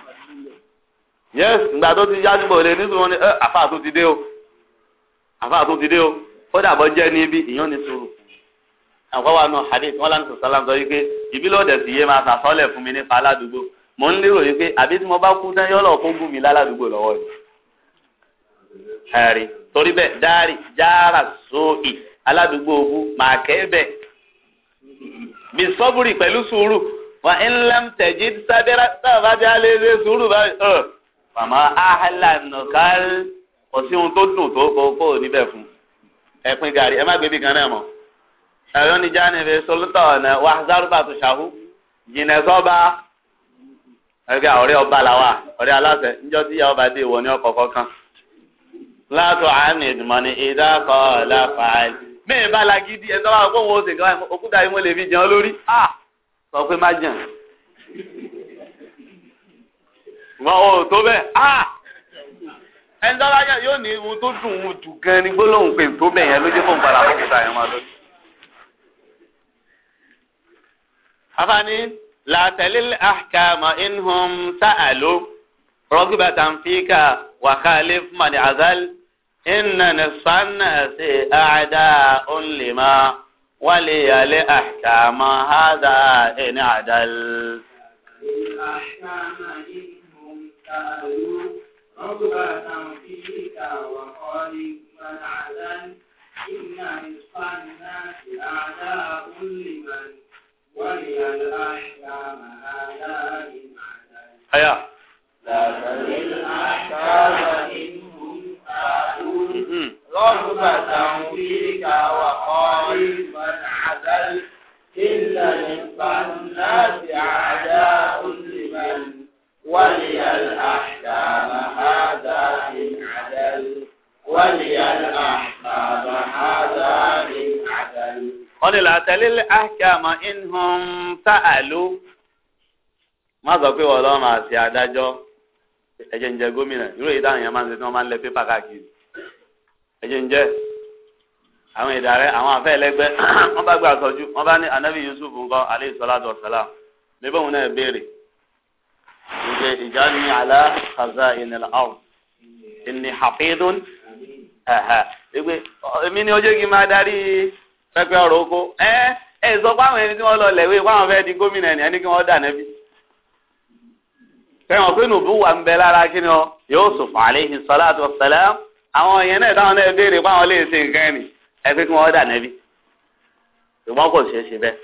yes ìgbà tó ti yájúbọ lè nítorí wọn ni ẹ àfa àtún ti dé o àfa àtún ti dé o ó dàbọ jẹ ní ìyọ́n ní sùúrù àwọn wa nù hadith wọn lánàá sọsọlá sọ wípé ìbí ló dẹ̀ sì yé máa sàsọ́lẹ̀ fún mi nípa aládùúgbò mò ń lérò wípé àbí tí mo bá kú tán yọ́lọ̀ fún gùn mi láládùúgbò lọ́wọ́ yìí torí bẹ́ẹ̀ dárí jára sóòì aládùúgbò ogun màkẹ́ bẹ́ẹ̀ bí sọ́bùrì pẹ̀lú sùúrù wà ńlá tẹ̀jí sábẹ́rẹ́ sábà bí a lè ṣe sùúrù báyìí ọ̀ màmá àhàlà nùkàl kò sí ohun tó dùn tó kó kó níbẹ̀ fún ẹ̀pin gàrí ẹ má gbé bí kan náà mọ̀ ẹ̀rọ níjà ni fi sọlítọ̀ ọ̀nà wà zárúbà tó ṣàhú jìnà sọ́ba ẹgbẹ́ ọ̀rẹ́ ọba làwà ọ̀rẹ́ aláṣẹ níjọ́ tí ìyá ọba dé ìwọ ní ọkọ̀ kọ̀ọ̀kan látọ̀ àmì bẹ́ẹ̀ bá la gidi ẹ̀ sọ́wọ́ àkókò wọn ò sì kan òkúta yìí mo lè fi jẹun lórí ah! sọ pé má jẹun wọn ò tó bẹ́ẹ̀ ah! ẹni tó bá yà yóò ní ohun tó dùn ún dùn gan ni gbólóhùn pé tó bẹ̀ yẹn ló jẹ́ fóun padà yẹn máa lórí. afáàní làtẹ̀lé àkàmọ̀ inhum sáàlú rọ́gìbàtà ń fi kà wàkàlẹ́ fún màdì àzálì. إن الصنة أعداء لما ولي لأحكام هذا إن عدل لأحكام إنهم سألوا رغبة فيك وقالوا من عدل إن الصنة أعداء لمن ولي الأحكام هذا إن عدل أيا لا بل الأحكام إنهم lọ́dún bàtà ń fi káwà kọ́lí mọ̀nà àdáyé ilẹ̀ nípa láti àdá òṣèlú wálé àṣàmà àdá ìnàdáyé wálé àṣàmà àdá ìnàdáyé. wọ́n ní làtẹ̀lé àṣàmà ìhùn tá àlù má sọ pé wọ́n lọ́ọ́ máa adájọ́ ẹ̀jẹ̀ ń jẹ gómìnà irú èyí táwọn èèyàn máa ń ṣe tí wọ́n máa ń lẹ pépà káàkiri ẹ̀jẹ̀ ń jẹ àwọn ìdàrẹ́ àwọn afẹ́ ẹlẹ́gbẹ́ wọ́n bá gbà sọ́jú wọ́n bá ní anabi yusuf nǹkan aleyhi salatu wasalam níbẹ̀ òun náà béèrè ìjẹ ìjà ni alá kaza ìnìlá ọ̀hún ìní hafidun ẹgbẹ èmi ni ojú kí n máa darí pẹpẹ ọ̀rọ̀ oko ẹ ẹ sọ pé àwọn ẹni tí wọ́n lọ lẹwé pé àwọn fẹ́ẹ́ di gómìnà ẹni ẹni kí wọ́n dà nẹbi tẹ̀wọ̀n pé nùbú wà ń bẹ lára kí ni ọ Yusuf alayhi salatu wa salam àwọn èèyàn náà táwọn náà béèrè pé àwọn lè ṣe nǹkan ni ẹ pé kí wọ́n dà nẹ́bí ṣùgbọ́n kò ṣeé ṣe bẹ́ẹ̀.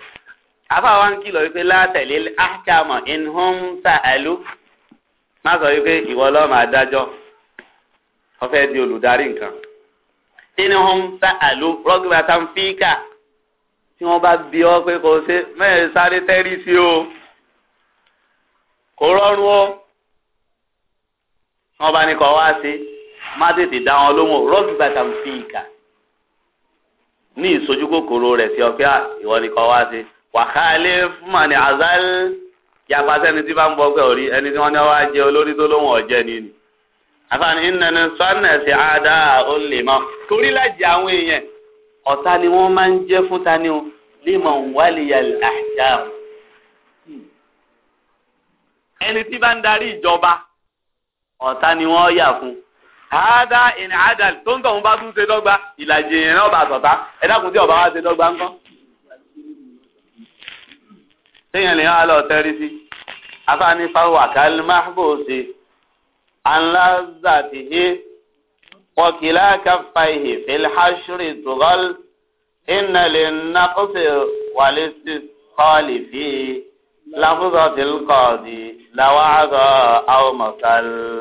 afáwa ń kìlọ̀ wípé látẹ̀lé ahkama inhum sa'alu má sọ wípé ìwọ lọ́mọ adájọ́ wọ́n fẹ́ di olùdarí nǹkan. inhum sa'alu rọ́gbìmọ̀ àtàǹfíkà tí wọ́n bá bí ọ pé kò ṣe mẹ́rin sáré tẹ́rì sí o kò rọrùn o wọn bá ní kọ wá sí má tètè dá wọn lóhùn rọgì bàtà ń fi ìkà ní ìsojú kòkòrò rẹ sí ọpẹ ah, ìwọ ní kọ wá sí wàhálẹ fúnmà ní azal yàgbá sẹni tí bá ń bọ pé òrí ẹni tí wọn ní wàá jẹ olórí tó lóhùn ọjẹ nínú àfààní ìnana sọnẹsì àdá ó torí lájẹ àwọn èèyàn ọ̀tá ni wọ́n máa ń jẹ́ fún ta o lè mọ̀ wálé ẹni tí bá ń darí ìjọba ọ̀tá ni wọ́n yà fún àádá ìní àádàlì tó ń tọ̀ wọn bá tún ṣe dọ́gba ìlàjì ìrìn náà bá sọ̀tá ẹ tí ọba wa ṣe dọ́gba ńkọ́. téèyàn lè hàn lọ tẹ́rí sí afáàní fáwọn àkàlùmá bò ṣe anlazàtìhé wọkìlá káfáìhì fìlhásírì tùgọ́l ìnàlẹ̀ nàkọ́sẹ̀ wàlẹ́sì kọ́ọ̀lì fìhì láfúzọ̀ tìlkọ́ọ̀dì. لوعظ أو مثل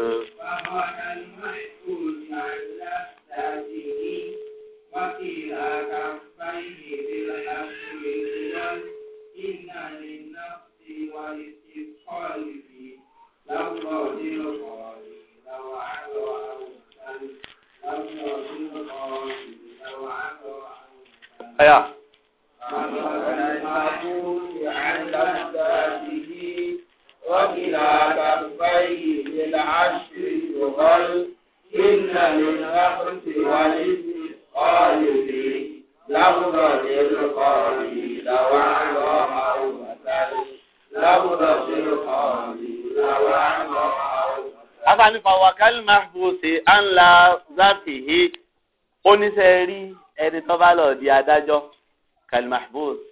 Yeah. وكلا كفيه للعشر يغل إن للنفس والإثقال فيه لفظ القليل وعظمه مثل لفظ القليل وعظمه Afáàní Fàwákàlì Mahbusi Anla Zatihi, ó ní sẹ́ẹ̀rí ẹni tó bá lọ di adájọ́, Kàlì Mahbusi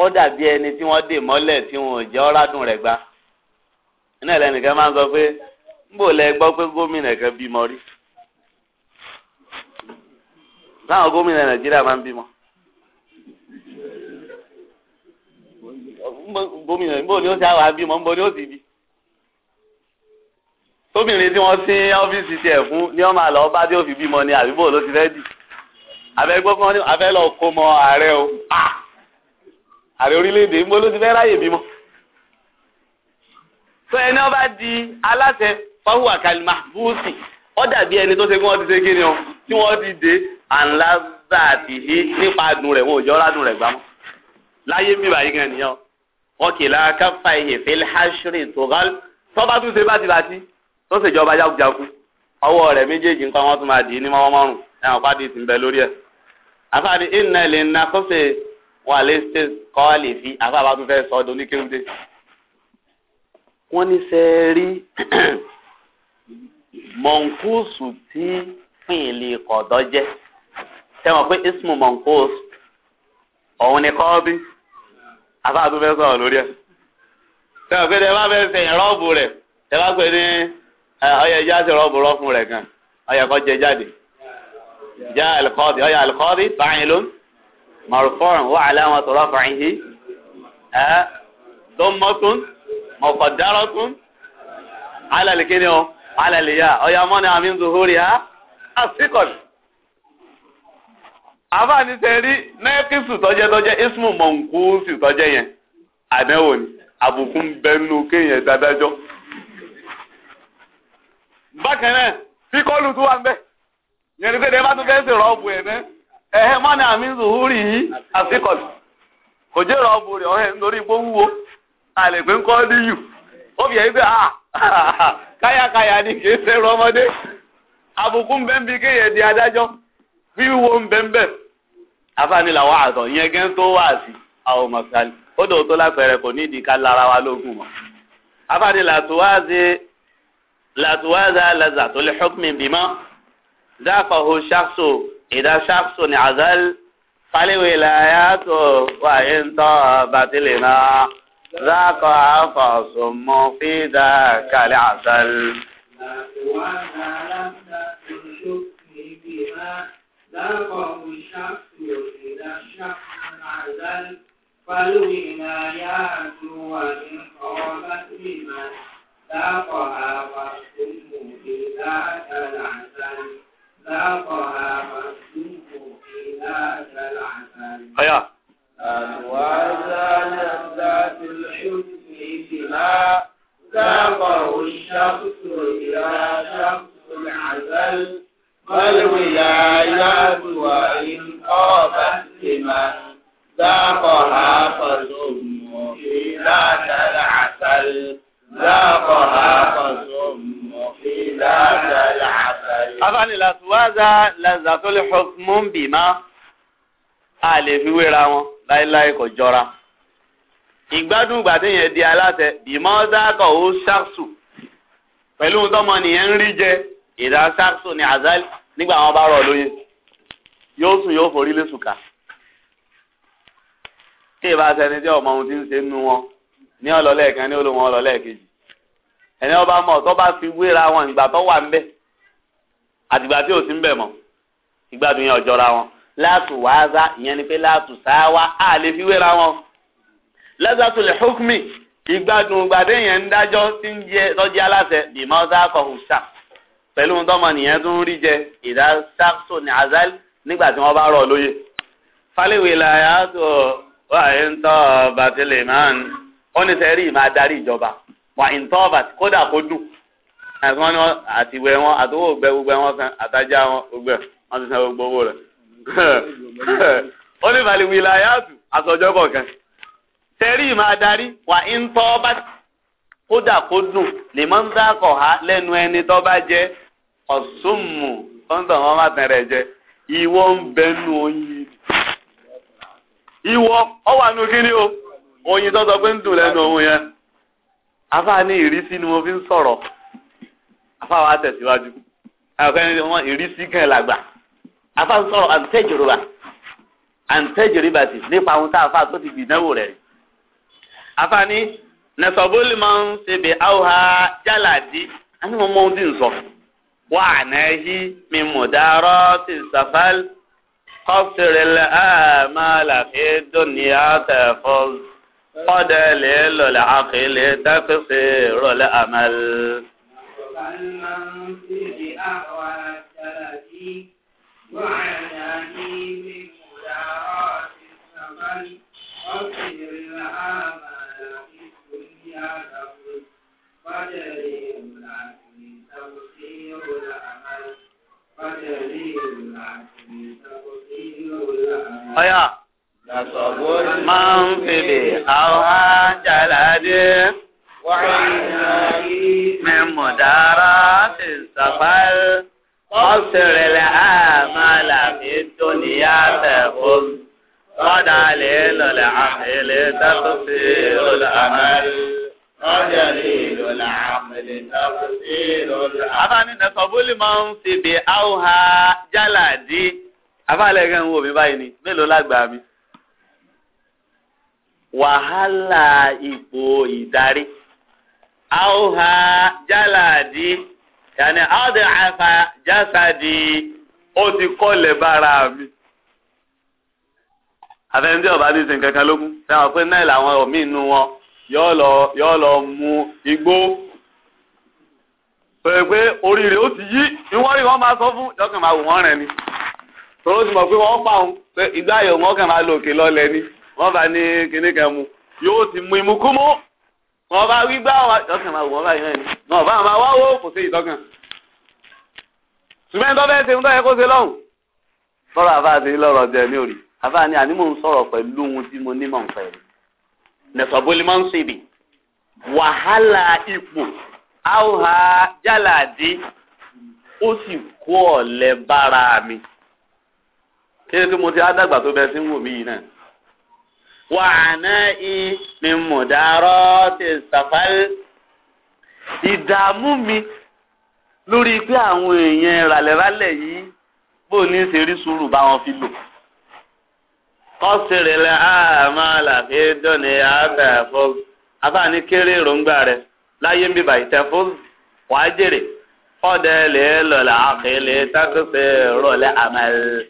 ó dàbí ẹni tí wọ́n dè mọ́lẹ̀ tí wọn ò jẹ́ ọ́rádùn rẹ̀ gba iná ẹlẹ́nìkan máa ń sọ pé nbò lẹ gbọ́ pé gómìnà kan bímọ rí láwọn gómìnà nàìjíríà máa ń bímọ gómìnà nbò ni ó ti àwọn abímọ nbò ni ó ti bí tóbìnrin tí wọ́n sí ọ́fíìsì tiẹ̀ fún ni wọ́n máa lọ bá tí ó fi bímọ ni àbíbò ló ti rẹ́dì abẹ́gbọ́n kan ní abẹ́ lọ kó mọ ààrẹ o pa. Ah! ààrẹ orílẹ̀-èdè ń bọ́ ló ti fẹ́ ráyè bímọ. sọ ẹni ọba di aláṣẹ fáwọn àkàlìmọ̀ búùsì ó dàbí ẹni tó ṣe kí wọ́n ti ṣe kí ni o tí wọ́n ti dé ànlá bàtìhí nípa adùn rẹ̀ wọn ò jọ ládùn rẹ̀ gbámọ́ láyé mi báyìí gan nìyẹn o wọn kì í la káfa ìhè fẹlẹ hásírì tògal tọba tún ṣe bátibàtì tó ṣèjọba jákujáku ọwọ́ rẹ̀ méjèèjì nǹkan wọn tún máa dì í ní mọwọ márùn ẹwọn pàdé ti ń bẹ lórí ẹ àfàdé ìnà ìlẹ ìnà kọfẹ wà lẹ́sẹ̀ kọ́ọ̀lì fi àfàbà tó fẹ́ sọ ọdún ní kéwúndé. wọ́n ní sẹ́ẹ̀rí mọ̀nkóòsù tí fìlì kọ̀dọ̀ jẹ́ tẹ́wọ̀n pé ismu mọ̀nkóòsù ọ̀hún ni kọ́ọ̀bí àfàbà tó fẹ́ sọ̀rọ̀ lórí ẹ̀. tẹ́wọ̀n pé tẹ́wọ́n bá fẹ́ sẹ́yìn rọ́ọ̀bù rẹ̀ tẹ́wọ́n pé ní ọyẹ ìjà sí rọ́ọ̀bù rọ́ọ̀fù rẹ̀ gan ọyẹ kọ́ jẹ jáde. jẹ́ àlùkọ́ọ̀dì ọyẹ àlùkọ́ọ̀dì báyìí lónìí. مرفوع وعلامة رفعه ضمة مقدرة على الكنيو على الياء أي مانع من ظهورها الثقل àbá ní Ọ rí nẹ́ẹ̀kìsù tọ́jẹ́ tọ́jẹ́ ismu mọ̀nkúùsì tọ́jẹ́ yẹn àdẹ́wò ni àbùkù ń bẹnu kéèyàn dádájọ́. bákan náà fíkọ́lù tó wà ń ni pé ẹ̀hẹ́ mọ́ni àmì zuhuri yìí àfikọ̀tù kò jẹ́ ìrọ̀ ọ̀bùrì ọ̀hẹ́ lórí igbó àlègbè ń kọ́ ó fi ẹ̀yìn pé a ah, káyàkáyà ni kì í ṣe rọmọdé àbùkù ń bẹ́ ń kéèyàn di adájọ́ wíwo ń afáàní làwọn àtọ̀ gẹ́ tó sí àwọn mọ̀sálì ó tó kò ní إذا شخص عزل فالولايات وإن طابت لنا ذاق عفص مفيدا كالعسل ذاقه الشخص إذا الشخص عزل فالولايات وإن طابت كالعسل لاقها مسلوب إلى العسل أيوة أزواجا ذات الحسن بما ذاقه الشخص إلى شخص العسل فالولايات وإن قابت لمن ذاقها فالأم إلى العسل láàbọ̀ àkọsùn mọ̀fí láàdàlà àbáyé. afáàní làtúwádà làzàtọ́lẹ̀ xọ́kùmọ́ǹbì máa a lè fi wéra wọn láéláé kò jọra ìgbádùn gbàdéyẹn di aláṣẹ bímọ dákọ̀ ó ṣàṣù pẹ̀lú tọmọ nìyẹn ń rí jẹ ìdá ṣàṣù ní àzálì nígbà wọn bá rọ̀ lóyún yóò sùn yóò forí lé sùkà tí ìbá sẹni tí ọmọ ohun ti ń ṣe nínú wọn ní ọlọlẹ kan ní olùmọ ọlọlẹ kejì ẹni ọba mọ tó bá fi wéra wọn ìgbà tó wà ńbẹ àtìgbà tí ò sí ńbẹ mọ ìgbádùn yẹn ọjọra wọn láàtù wáázá ìyẹn ni pé láàtù sáwá á lè fi wéra wọn lẹ́sàtù lè hókùmí ìgbádùn gbàdé yẹn ń dájọ́ tí ń jẹ lọ́jọ́ aláṣẹ bí mọ́sá kọ̀hún sá pẹ̀lú ohun tọ́mọ nìyẹn tún rí jẹ ìdá sáàtù ní azal nígbà tí wọ́n bá rọ̀ lóye. fálíwìlà yàtọ̀ wà ń tọ́ bàtìlì náà ó ní sẹ́rí ìmọ̀ adarí ìjọba wà ń tọ́ ọ̀bà kódà kó dùn wọn àtọwọ́ ògbẹ gbogbo wọn san àtajà wọn wọn ti san gbogbo owó rẹ̀ ó ní balùwẹ̀ ìlàyàtù àtọ̀jọ́ kọ̀ọ̀kan sẹ́rí wà ń tọ́ ọ̀bà kódà kó dùn ha lẹ́nu ẹni tó jẹ́ jẹ ń oyin tó sọ pé ń dùn lẹ́nu òun yẹn afa ní ìrísí ni mo fi ń sọ̀rọ̀ afa wa tẹ̀síwájú àkọyẹ wọn ìrísí kan làgbà afa ń sọ̀rọ̀ àǹtẹ̀jòròbà àǹtẹ̀jòròbà ti nípa ohun tá a fa tó ti gbìdánwò rẹ̀ afa ní nẹ̀sọ̀bólì máa ń ṣebè áwòhá jálàdí a wọn mọ ohun tí ń sọ wà á mi mọ̀ dárọ́ ti sàfàl kọ́sìrìlẹ̀ àmàlà fi dùn ní àtẹ̀fọ́sì. قدليل العقل تقصير الأمل وعن من فيه أحوال السلف منفل أو عن جلد من مدارات السفر قصر العمل في الدنيا تقوم ودليل العقل تقصير الأمل Afáàní nẹ̀sọ̀ bólú máa ń fi bè áwòhá jálàdí. Afáàlẹ̀ kan ń wò mí báyìí ni, mélòó lágbàá mi? wàhálà ipò ìdarí àwòhà jálàdí yàní àwòdì àfà jásàdì ó ti mi. àfẹnudí ọba ní sin kankan lógún sẹ́wọ̀n pé náà làwọn ọ̀mí inú wọn yóò lọ mú igbó pẹ̀lú pé oríire ó ti yí ni wọ́n rí wọ́n máa sọ fún dọ́kàn máa wò wọ́n rẹ̀ ni tòró ti mọ̀ pé wọ́n pa òun pé ìgbà kàn máa lòkè ni. wọ́n bá ní kinní kan mu yóò ti mú imú kú mú wọ́n bá wí gbá wa ọkàn máa wò wọ́n báyìí náà ni wọ́n bá máa wá wó kò sí ìtọ́kàn. ṣùgbọ́n tó bẹ́ẹ̀ ṣe ń tọ́yẹ kó ṣe lọ́hùn. lọ́rọ̀ àbá àti lọ́rọ̀ jẹ ní òrì àbá ni àní mò ń sọ̀rọ̀ pẹ̀lú ohun tí mo nímọ̀ nǹkan ẹ̀. nẹ̀sọ̀bólì máa ń ṣe ibì wàhálà ipò áwòhà jálàdí ó sì kó ọ̀lẹ́ bára mi. kí ni mo ti á dàgbà tó bẹ sí wò mí yìí náà wàhánà-í ni mùdárọ́ ti sàfàlì. ìdààmú mi lórí pé àwọn èèyàn ràlẹ́ràlẹ̀ yìí bó ní ṣe rí sùúrù báwọn fi lò. kọ́sìrì lẹ àmà àlàfé dọ́ni àbẹ̀ fún abáni kéré èròǹgbà rẹ láyé ń bíbà ìtẹ́fún wàá jèrè ọ̀dẹ lè lọ́la àkèlè tákùsẹ̀ rọ̀lẹ́ àmàlẹ́.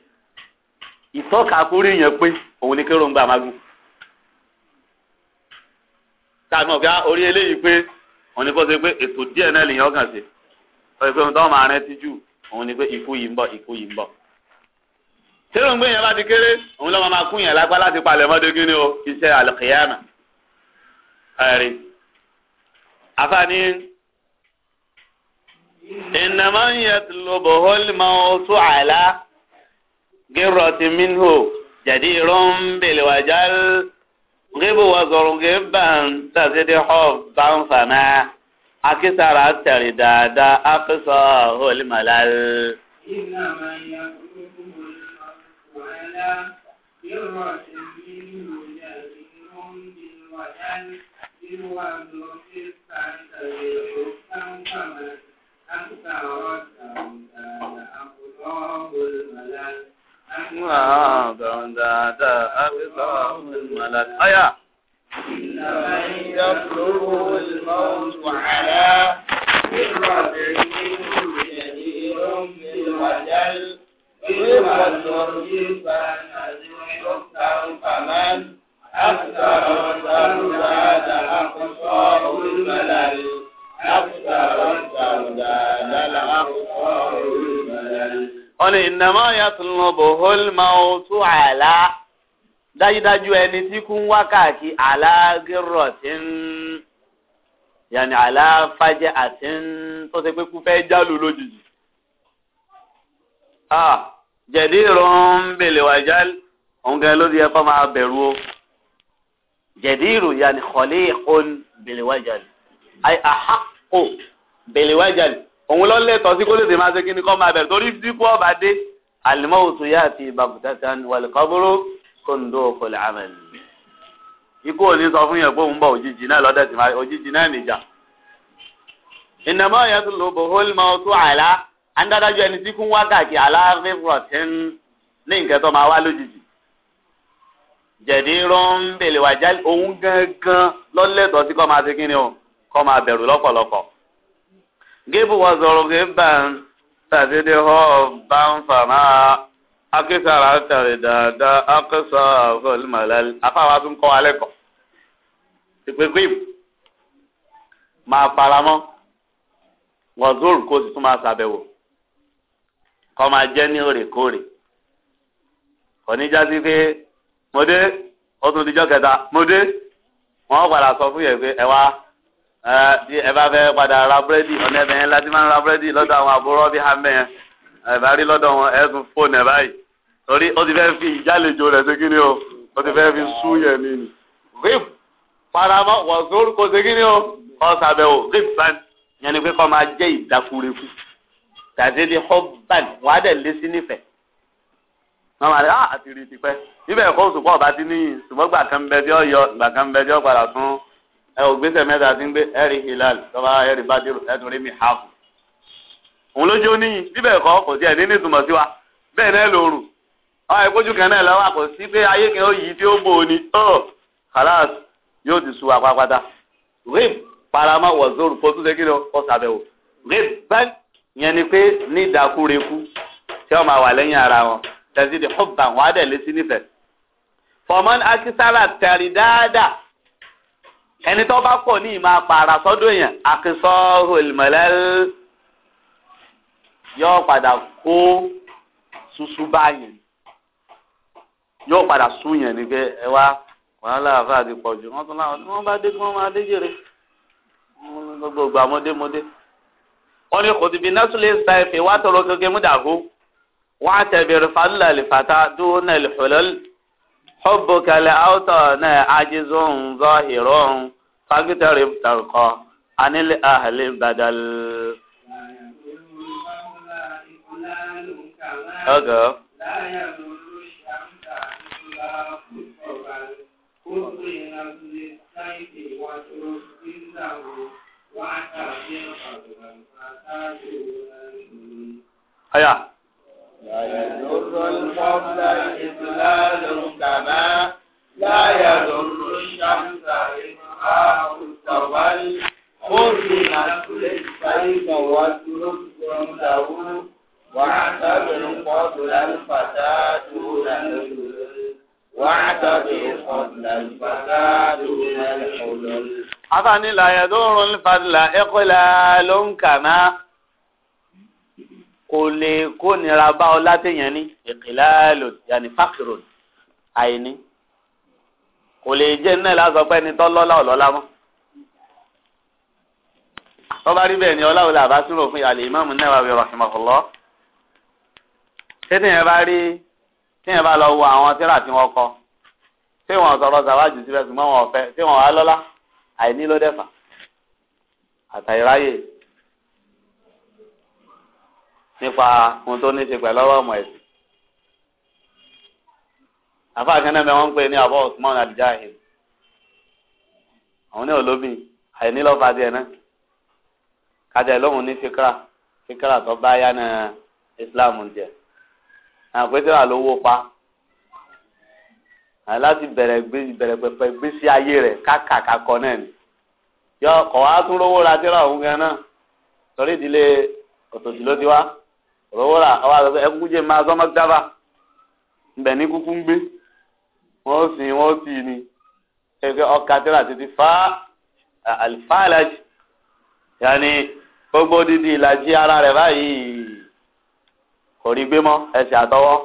ìtọ́ka kúrú yẹn pé òun ni kéré máa gùn táàmì ọ̀gá orí eléyìí pé òun ni kó ṣe pé ètò díẹ̀ náà lèyàn kàn sí ọ̀rẹ́ pé òun tó máa rántí jù òun ni pé ikú yìí ń bọ̀ ikú yìí ń bọ̀. tẹ́lẹ̀ ń gbé yẹn bá ti kéré òun lọ́mọ máa kún yẹn lápá láti palẹ̀ mọ́dé kí ni o iṣẹ́ àlùkìyàmà ẹ̀rí. àfààní ìnàmọ́ yẹn ti lo bọ̀hólì máa ń sún àlá gírọ̀tì mínú jẹ̀dí rọ́ńbìlì wàjálù. غيبو وزرون غيبان تزيد حب فنا أكثر الترداد أقصاه الملل إنما يقلبه الحق على جرة منه جزير بالوجل بالوزر فاعتبر حبا فمن أكثر الترداد أقصاه الملل ما بعداد إنما يبلغ الموت على فكرة منه كثير بالوجل فكرة ترجي فنزل يكثر فمن أكثر ترداد أقصار الملل أكثر ترداد الأقصار الملل ọ̀nà ìnàmọ́ yàtúnlọ́bọ̀ holma otu àlá dájúdájú ẹni tí kú ń wá káàkiri aláàgérò tí ń yàní aláfàjẹ àti ń tó ṣe pé kú fẹ́ jálù lójijì. jẹ̀dí ìrún bèlè wájà òǹkà ló di ẹ̀kọ́ máa bẹ̀rù o jẹ̀dí ìrún yàní kọ̀lé ìkún bèlè wájà àhàkó bèlè wájà ni òun lọ lẹ́tọ̀ọ́ sí kó lè máa ṣe kíni kọ́ máa bẹ̀rẹ̀ torí dípò ọba dé àlìmọ́wòtò yá àti ìbàbùtàtà wàlùkọ́bùrú kòńdó òkòlẹ̀ àmàlì. ikú òní sọ fún yẹn pé òun bọ̀ òjijì náà lọ́dẹ̀ tí máa òjijì náà nìjà. ìnàmọ́ yẹn tún lò bò hóòlì máa tó àlá andádájọ́ ẹni tí kún wákàtí aláàfin rọ̀tín ní nǹkan tó máa wá lójijì. jẹ̀dí bèlè wájà òun gangan lọ́lẹ́tọ̀ọ́ gébù wà zọrọ gébà ń tàdédé họ bá ń fàmà akékàrà tàrí dáadáa akásá àfọlùmọlálì afáwa tún kọ́ alẹ́ kọ́ ìpèkè máa faramọ́ wọ́n zoro kó o sì tún máa ṣàbẹ̀wò kọ́ máa jẹ́ ní òrèkóòrè oníjàsí pé mo dé ó tún dijọ́ kẹta mo dé wọ́n padà sọ fún yẹn pé ẹ wá bí ẹ bá fẹ́ padà ra búrẹ́dì ọ̀nà ẹ̀bẹ̀ yẹn láti máa ń ra búrẹ́dì lọ́dọ̀ àwọn àbúrò bí hàmẹ́ yẹn ẹ bá rí lọ́dọ̀ wọn ẹ tún fóònù ẹ̀ báyìí torí ó ti fẹ́ fi ìjálejò rẹ̀ ṣe kíni o ó ti fẹ́ fi sú yẹn ni ni. rip paramọ wọ̀sùn kò ṣe kíni o kò ṣàbẹ̀wò rip ban yẹn ni pé kọ́ máa jẹ́ ìdákúrekú tàbí ní hobban wọ́n á dẹ̀ lé sí nífẹ̀ẹ́ wọ́n máa ah, rí àtìrì tìpẹ́ ibẹ̀ kó ṣùgbọ́n ọba ti níyìn ṣùgbọ́n gbà kan bẹ tí ó yọ gbà kan bẹ padà tún ẹ ò gbèsè mẹ́ta ti ń gbé ẹ̀rí hilal tọ́ba ẹ̀rí badiru ẹ̀tún rí mi hafu. òun lójú ó níyìn bíbẹ̀ kọ́ kò sí ẹ̀ ní nítumọ̀ sí wa bẹ́ẹ̀ náà ló rù ọ ìkójú kan náà lọ́wọ́ kò sí pé ayé kan ó yí tí ó bò ó ni ó kàlàs yóò ti su wa pátápátá rib paramọ́ wọ̀zọ́rù kó ṣe kí ni ó sàbẹ̀wò rib bẹ́ẹ̀ yẹn ni pé ní ìdákúrekú tí wọ́n máa wà lẹ́yìn ara wọn tẹ̀sí di hubban á dẹ̀ lé sí nífẹ̀ẹ́ fọmọ́n akísára tẹ̀rí dáadáa ẹni tó bá pọ̀ ní ìmọ̀ apààrà sọ́dọ̀ yẹn àkínsọ́ olùmọ̀lẹ́ yóò padà kó susu báyìí yóò padà sún yẹn ni pé ẹ wá wàhálà àfáà ti pọ̀ jù wọ́n tún láwọn tí bá dé kí wọ́n máa dé jèrè gbogbo ìgbà mọ́démọ́dé wọ́n ní kòtù bíi násùlẹ̀ wàá tọrọ kékeré mú dàgó wàá tẹ̀bẹ̀rẹ̀ fàlùlà lè fàtà dúró náà lè fẹ́lẹ́lẹ́. حبك لأوطى عجز ظاهر فاقترب ترقى عن الأهل بدل أقف هيا لا يضر الفضل إضلال كما لا يضر الشمس إضعاف التول خذ نسل الشيب واترك جمله واعتبر فضل الفتى دون الحلول واعتبر فضل الفتى دون الحلول. أفني لا يضر الفضل إقلال كما kò lè kó nira bá ọ látẹ̀yàn ní ìkìláàlò yàní fákìrò àìní kò lè jẹ́ náà lásán pé ẹni tọ́lọ́lá ọ̀lọ́lá mọ́ tọ́ba rí bẹ́ẹ̀ ni ọláwọlé àbá túnbọ̀ fún ìyàlẹ̀ ìmáàmù Nawawi rahimahullah tẹ́tẹ̀yàn bá rí tẹ́yàn bá lọ wo àwọn tírà tí wọ́n kọ tí wọ́n sọ̀rọ̀ sàwájú síbẹ̀ ṣùgbọ́n wọn ò tí wọ́n wá lọ́lá àìní ló dẹ́fà àtàyíráyè nípa ohun tó ní ṣe pẹ̀lú ọ̀rọ̀ ọmọ ẹ̀sìn. àfa akẹ́nẹ́ mi wọ́n ń pè ní àbọ̀ Usman al-Jahil àwọn ní olóbìn àìní lọ́ọ́ fàdí ẹ̀ náà kájà lóhùn ní fíkra fíkra tó bá yá ní Islam jẹ àpètè wà lówó pa láti bẹ̀rẹ̀ bẹ̀rẹ̀ pẹ̀pẹ̀ gbèsè ayé rẹ̀ kákàkà kọ náà ni yọ kọ̀ wá tún lówó ra tíra òun gan náà torí ìdílé òtòṣì ló rọwọ́rà ọwọ́ àgbẹ̀ ẹkú jẹ́ máa sọ́mọ́ dábà ńbẹ̀ ní kúkú ń gbé wọ́n sì wọ́n sì ni ẹgbẹ́ ọkà tẹ́lá ti ti fa àlìfáàlájì yanni gbogbo dídì ìlàjì ara rẹ̀ báyìí kò rí gbé mọ́ ẹsẹ̀ àtọwọ́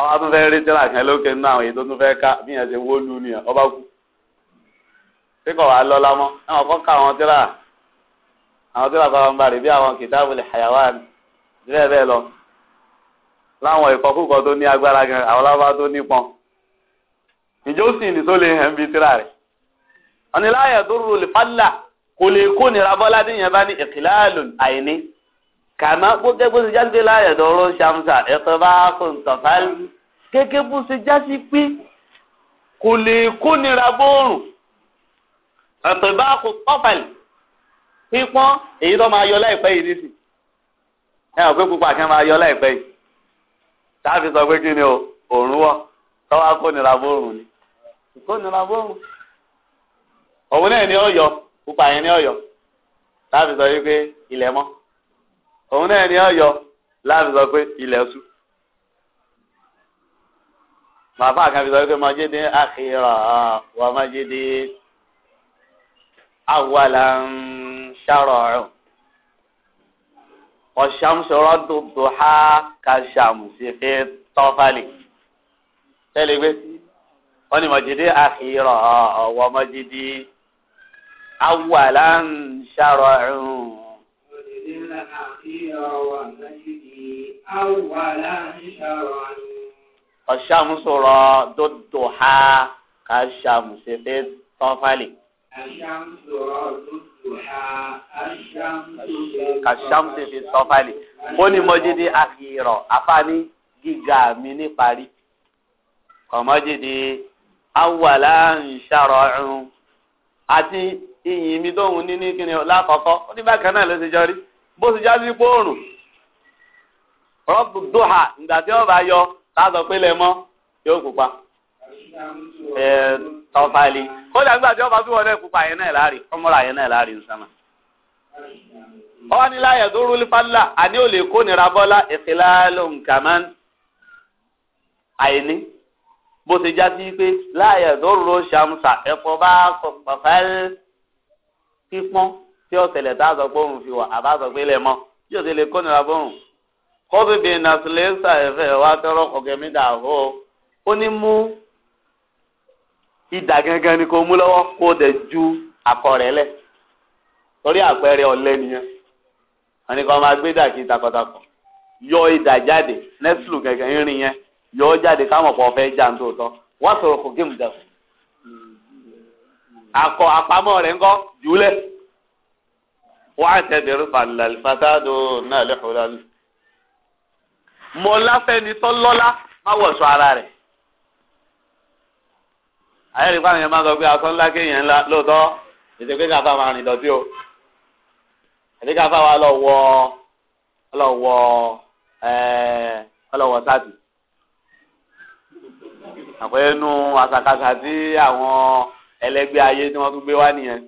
ọba tún fẹ́ rí tẹ́lá kan lókè nínú àwọn èyí tó tún fẹ́ ká bí yẹn ṣe wó lu nìyẹn ọba kú. Tí kò wá lọ́la mọ́, ẹ̀wọ̀n kọ́ ká àwọn tẹ́lá àwọn tí bàbá wa ń bá rè bí àwọn kìtàbùl hayawan bẹ́ẹ̀ bẹ́ẹ̀ lọ láwọn ìkọkúkọ tó ní agbára gan àwọn lábá tó nípọn ìjọ sì ní tó lè hàn bí tíra rẹ̀ ọ̀nì láyà tó rú lè fálà kò lè kó nira bọ́lá díyẹn bá ní ìkìláàlù àìní kàmá gbogbo bó ṣe já sí pé láyà ṣàmùsà ẹ̀tọ́ bá kò ń tọ̀fà kéke bó ṣe já sí pé kò lè kó nira bóòrùn ẹ̀tọ́ bá kò tọ́fàlì pípọ́n èyí tó máa yọ láìpẹ́ yìí nísì ẹ ọ̀ pé pupa kan máa yọ láìpẹ́ yìí sáfi sọ pé kí ni òórùn wọ̀ tọ́wá kó nira bóòrùn ni kó nira bóòrùn òun náà ni ó yọ pupa yẹn ni ó yọ láfi sọ yìí pé ilẹ̀ mọ́ òun náà ni ó yọ láfi sọ pé ilẹ̀ sú màfà kan fi sọ pé màjèdè àkìrà wà màjèdè àwàlà ń. Hmm ṣàrọ̀ọ̀rùn ọ̀ṣàmùsọ̀rọ̀ dòdò ha kàṣàmùsífẹ́ tọ́fàlì tẹ́lẹ̀ gbé wọ́n ní mọ̀jídé àkìrọ̀ ọ̀wọ́ mọ̀jídé awàlá ń ṣàrọ̀ọ̀rùn. mọ̀jídé àkìrọ̀ ọ̀wọ́ mọ̀jídé awàlá tọ́fàlì. ọ̀ṣàmùsọ̀rọ̀ dòdò. kàṣàmùsì fi sọfàlì ó ní mọ́jídé àkìrọ̀ afáàní gíga mi ní parí awàlá ń ṣàrọ̀ọ̀rùn àti iyì mi tóun níní kíni lákọ̀ọ́kọ́ ó ní bákan náà ló ti jọ rí bó ti rọ́pù tí bá tọ́fàlì kódà nígbà tí ọba túbọ̀ náà pupa yẹn náà láàrin ọmọra yẹn náà láàrin sánà. ọ̀nìlá yẹ̀dúrú lífàlà àní ò lè kó nira bọ́lá ìfìlà lóǹkàmán àìní bó ti já sí pé láyẹ̀dúrú ṣàmùsà ẹ̀fọ́ bá pàfẹ́ pípọ́n tí ọ̀sẹ̀lẹ̀ tá a sọ pé òun fi wà àbá sọ pé lẹ̀ mọ́ yóò ti lè kó nira bọ́rùn kọ́bíbi nàṣẹ́lẹ́sà ẹ̀fẹ́ wa tọrọ kọ̀kẹ́mídà ó ní mú ìdà gangan ni kò mú lọ́wọ́ kó dẹ̀ ju akọ rẹ̀ lẹ̀ torí àpẹẹrẹ ọ̀lẹ nìyẹn wọn ni kò máa gbé dà kí takọtakọ yọ ìdà jáde nẹ́sìlù gangan irin yẹn yọ ọ jáde káwọn ọ̀pọ̀ fẹ́ jà ní tòótọ́ wọ́n sọ̀rọ̀ kò géèmù dà fún akọ àpamọ́ rẹ̀ ńkọ́ jùlẹ̀ wọ́n á tẹ̀ bẹ̀rù balẹ̀ fatadó náà lẹ́kọ̀ọ́ lálẹ́ mọ́lá fẹ́ni tọ́lọ́lá má wọ̀ ara rẹ̀ ayẹ̀rí fáwọn yẹn máa sọ pé aṣọ ńlá kéèyàn ńlá lóòótọ́ ètò pé káfá máa rìn dọ̀tí o ètò káfá wa lọ wọ lọ wọ ọlọ́wọ́ sáàtì àpẹẹrẹ nu àṣàkáṣà tí àwọn ẹlẹgbẹ́ ayé tí wọ́n tún gbé wá nìyẹn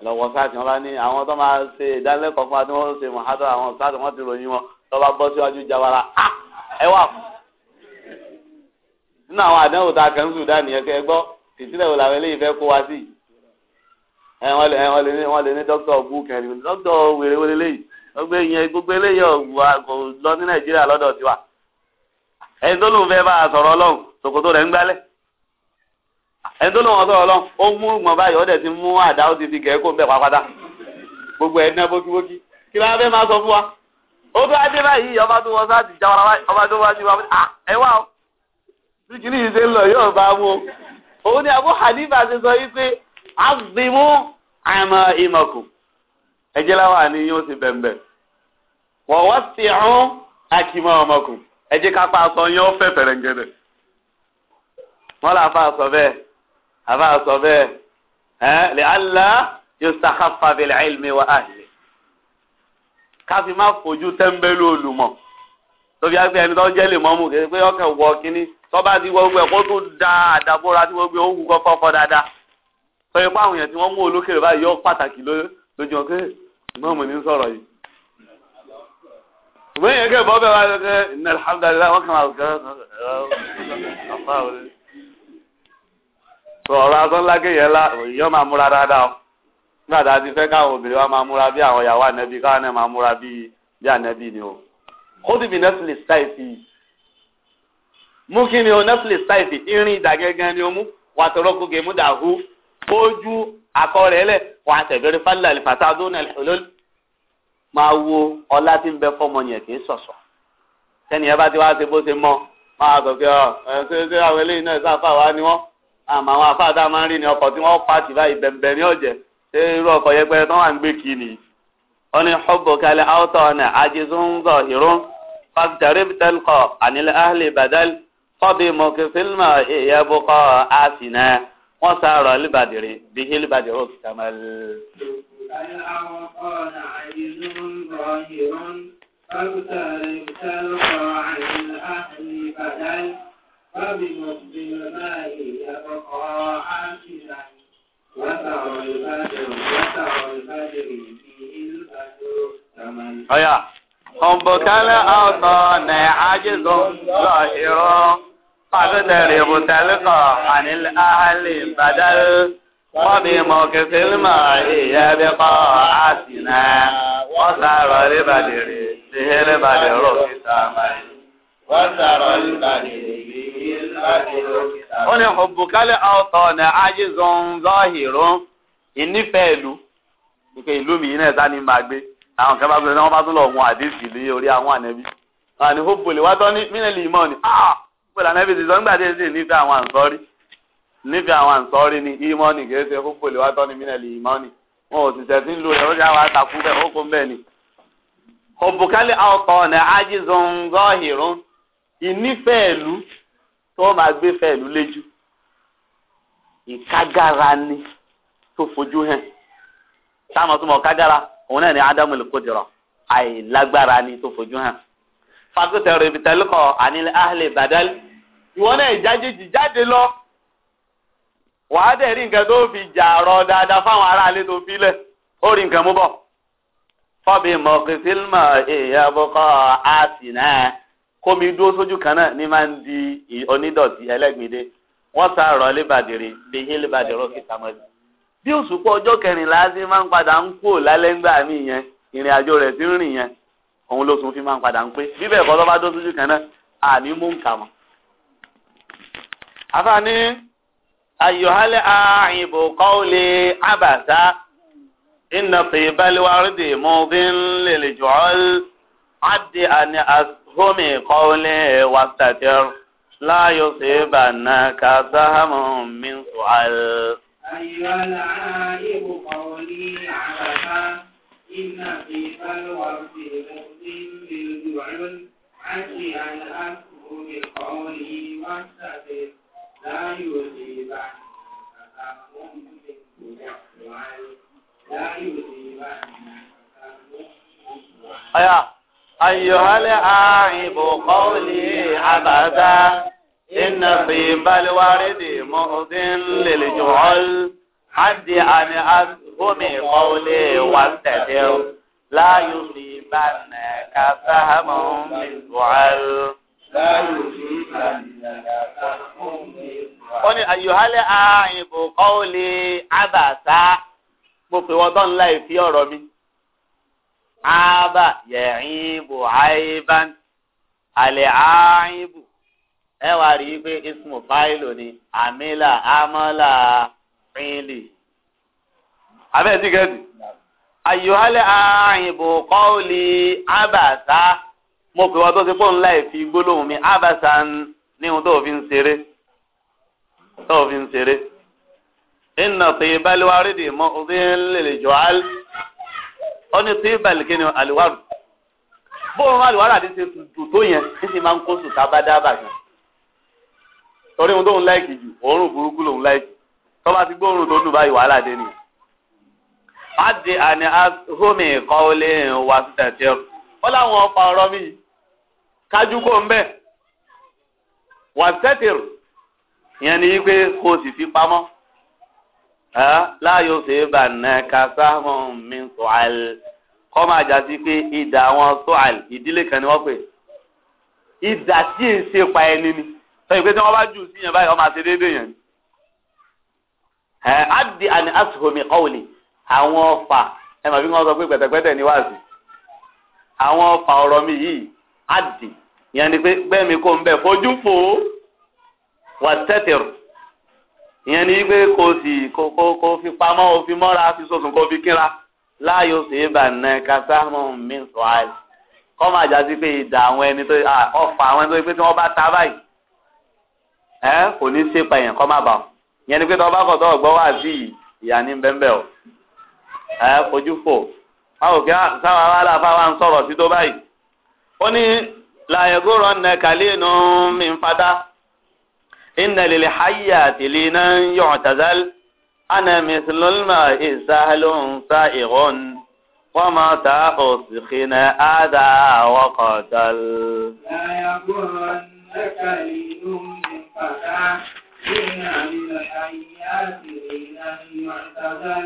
ọlọ́wọ́ sáàtì wọn bá ní àwọn tó máa ṣe ìdánilẹ́kọ̀ọ́ fún wa tí wọ́n ṣe mọ̀hádọ́ àwọn sáàtì wọn ti ròyìn wọn tó bá bọ́ síwájú jabara ah, ẹ wà fún nínú àwọn àdánwò tá a kàn ń sùn dání ẹ kẹ gbọ́ tìtílẹ̀ wò làwọn eléyìí fẹ́ kó wa sí ẹ wọ́n lè wọ́n lè ní wọ́n lè ní dókítà ọ̀gbù kẹrin dókítà wèrè wọlé léyìí gbogbo ìyẹn gbogbo eléyìí ọ̀gbà kò lọ ní nàìjíríà lọ́dọ̀ tiwa ẹni tó lóun fẹ́ bá a sọ̀rọ̀ ọlọ́run ṣòkòtò rẹ̀ ń gbálẹ̀ ẹni tó lóun sọ̀rọ̀ ọlọ́run ó mú ìgbọ̀n báyìí ó dẹ̀ ti mú àdá ó ti fi gẹ̀ẹ́kó bẹ̀ pápátá gbogbo ẹ̀ ná bókíbókí kí ló fẹ́ máa sọ fún wa ó tó adé báyìí ọba tó wọ sáà ti já wa ọba tó wá bíkíní yìí ṣe ń lọ yóò bá mú o òun ni Abu Hanifa ṣe sọ yìí pé azimu àmọ ìmọkù ẹjẹ láwa ni yóò ṣe bẹ̀m̀bẹ̀ wọ́n wọ́n ti hàn akímọ̀ ọmọkù ẹjẹ kápá sọ yẹn ó fẹ́ fẹ̀rẹ̀ gẹ́dẹ̀ wọ́n là fà sọ bẹ́ẹ̀ àfà sọ bẹ́ẹ̀ ẹ̀ lè Allah yóò sàkàfà bẹ̀lẹ̀ ilmi wa ahli káfí fojú tẹ́ńbẹ́lú olùmọ̀ tóbi àgbẹ̀ ẹni tó jẹ́ lè mọ́mú kí pé tọ́ba ti gbogbo ẹ̀ kó tó da àdàbọ̀ra tí gbogbo òun kọ́ kọ́kọ́ dáadáa sọ yẹn pé àwọn èèyàn tí wọ́n mú olókèrè báyìí yọ pàtàkì lójú ọ̀kẹ́ ìmọ̀ mi ní sọ̀rọ̀ yìí ṣùgbọ́n yẹn kẹ́ bọ́ bẹ́ẹ̀ wá kẹ́ ní alhamdulilayi wọ́n kàn án kẹ́ sọ̀rọ̀ asọ́nlákè yẹn la èèyàn máa múra dáadáa o nígbà tá a ti fẹ́ káwọn obìnrin wa máa múra bí àwọn ìyàwó ànẹ́bí káwọn náà máa múra bí ànẹ́bí ni o kó tìbí nẹ́sìlì sáì fi yìí mú kí ni o netflix táìsì irin ìdá gẹ́gẹ́ ni o mú wà á tọrọ kókè mú dàhú ojú akọrẹ lẹ wà á tẹ̀bẹ̀rẹ̀ fálẹ̀ àlìfàtà àdónà ìlọ́lì máa wo ọlá tí ń bẹ fọmọ yẹn kì í sọ̀sọ̀ sẹ́ni ẹ bá ti wá ṣe bó ṣe mọ́ máa sọ pé ọ ẹ ṣe ṣe àwọn eléyìí náà sáfà wá ni wọ́n àmọ́ àwọn afá tá máa ń rí ni ọkọ̀ tí wọ́n pàtì báyìí bẹ̀m̀bẹ̀ ní ọ̀jẹ̀ ṣé irú ọkọ̀ yẹn pẹ́rẹ́ tán wà ń gbé kì í nìyí. wọ́n ní ọ̀bọ̀ kalẹ̀ áwùtọ̀ ọ̀nà àjẹsùn ń zọ̀ ìrún fàtẹ̀rẹ̀ tẹ́lkọ̀ ànílẹ̀ kọ́bí mọ̀kẹ́fẹ́lmà ìyẹ́bùkọ́ àfìnà wọ́n sàárọ̀ líbàdìrí bí i líbàdìrí òkúta máa lè. Ọ̀yà, ọ̀bùnkálẹ̀ ọ̀tọ̀ nà ájízùn lọ́hìrán. فتدرب تلقى عن الأهل بدل وبموقف الماء بقاعتنا وصار لبدر به البدر كتاما وصار البدر به البدر كتاما ولحبك لأوطان عجز ظاهر ìnífẹ̀ẹ́ ìlú wípé ìlú mi yìí náà sá ni màá gbé àwọn kan bá gbé náà wọn bá tún lọ wọn àdéhùn sí lé àwọn ànẹ́bí àwọn àníhó bolè wá tán ní mílẹ̀ lè ni pẹ̀lú ànábì ti sọ nígbà tí èsì nífẹ̀ẹ́ àwọn àǹsọ́rí nífẹ̀ẹ́ àwọn àǹsọ́rí ni ìmọ̀nì kì í ṣe kó pèlè wá tọ́ni mílẹ̀ lè ìmọ̀nì wọn ò sì tẹ̀sí ń lo ẹ̀rọ ṣe àwọn àtàkù bẹ́ẹ̀ ó kó bẹ́ẹ̀ ni. òbùkálẹ̀ ọkọ̀ ọ̀nà ajizun gọ́hìrún ìnífẹ̀ẹ́lú tó máa gbé fẹ́ẹ̀lú léjú ìkágára ni tó fojú hàn táwọn tó mọ̀ kágára òun náà bàdálì ìwọ náà ìjájèjì jáde lọ wàá dẹ̀ rí nǹkan tó fi jà rọ dáadáa fáwọn aráalé tó fi lẹ̀ ó rí nǹkan mú bọ̀. fọ́bi mọ̀kìtìmọ̀ èèyàn àtìná kómi dúró sójú kan náà ní máa ń di onídọ̀tí wọ́n lébàdìrì bí bí ọjọ́ kẹrìnlá sí máa ń padà ti ń rìn yẹn òun ló fi máa ń padà ń pé bíbẹ̀ kọ́ bá afaani ayọ̀hálẹ̀ àyìnbó kọ́ọ̀lì àbàtà ìnàfẹ́ ìbálẹ̀wárídì mọ́bìn lèlè jọ́ọ́l àdì àní àhómi kọ́ọ̀lì wàtàkìr láàyò sí ìbànà kàtàhámù mìíràn. ayọ̀hálẹ̀ àyìnbó kọ́ọ̀lì àbàtà ìnàfẹ́ ìbálẹ̀wárídì mọ́bìn lèlè jọ́ọ́l àdì àní àhómi kọ́ọ̀lì wàtàkìr. لا يصيبن أذى أيا أيها العائب قولي عبدا إن طيب الورد مؤذن للجعل عد عن أسهم قولي واستتر لا يصيبنك سهم من سعل láàyò sí àdìyàgàtà fún mi. ó ní àyùhálẹ̀ àyìnbó kọ́ọ̀lì àbàṣà mo pè wọ́n tán láì fi ọ̀rọ̀ mi. àbà yẹ̀yìnbó àìbán àlẹ́ àyìnbó ẹ wá rí i pé ismu fáìlò ni àmìlà àmọ́là fínlì. abẹ́ẹ̀ tí kẹ́sì. àyùhálẹ̀ àyìnbó kọ́ọ̀lì àbàṣà mo pè wá tó ti pọ̀ ńlá ìfi gbólóhùn mi abasa ní ohun tó fi ń ṣeré tó fi ń ṣeré inna tí balùwà rídì mọ òbí lèlè jọ al ó ní tí balùwà kí ni àlùwárù bóun àlùwárù àti ṣe tutù tó yẹn ní ti máa ń kó sùn tábádábà kan torí ohun tó ń láìkì jù òórùn burúkú lòún láìkì tó bá ti gbóòórùn tó dùn báyìí wàhálà dé nìyẹn adi ani ahomi kọ́ọ́lé wa tẹ̀tẹ̀ ọ́ láwọn ọ̀pá ọ̀rọ̀ mi yìí kájú kó ń bẹ̀ wàtẹ́tìrì ìyẹn ni yí pé kó o sì fi pamọ́ láàyò ṣe é bà nà kásámọ̀ mi sọ̀àl kọ́ máa jà sí pé ìdá àwọn sọ̀àl ìdílé kan ni wọ́n pè ìdá tí èyí ṣe pa ẹni ni sọ ìpè tí wọ́n bá jù sí yẹn báyìí wọ́n máa ṣe déédéé yẹn ni adi ani asuhomi kọ́wùlì àwọn ọfà ẹ màbí wọn sọ pé pẹ̀tẹ̀pẹ̀tẹ̀ ni wáàsí àwọn ọfà ọ̀rọ̀ mi yìí àdì ìyẹn ni pé bẹ́ẹ̀ mi kò ń bẹ̀ fojú fò ó wà tẹ́tẹ̀rù ìyẹn ni pé kò sì kò kò kò fi pamọ́ o fi mọ́ra fi sọ̀tún kò fi kínra láàyò sí ìbànú kásámù mi sọ àìsí kọ́ máa jà sí pé ìdá àwọn ẹni tó ọ̀fà àwọn ẹni tó pé tí wọ́n bá ta báyìí ẹ kò ní ṣe pààyàn kọ́ máa bà ọ́ ìyẹn ni pé tí wọ́n bá kọ̀ tó ọ̀gbọ́n wà sí ìyá ní bẹ́ńbẹ́ o ẹ fojú fò báwo kí sáwọn aráàlú afáwa ń sọ̀rọ̀ sí tó báyìí ó ní làyẹ̀gòrò nàkàlẹ́ nù mí fada iná lèlè háyà àtìlẹ́ náà yọ̀ tàzálì ana mìsìlọ́lùmọ̀ ìsáhálò ń sa ìrọ̀n wọ́n máa ta òsìkì náà ádá àwọn kọ̀ọ̀tàl. làyẹ̀gòrò nàkàlẹ́ nù fada iná lèlè háyà àtìlẹ́ náà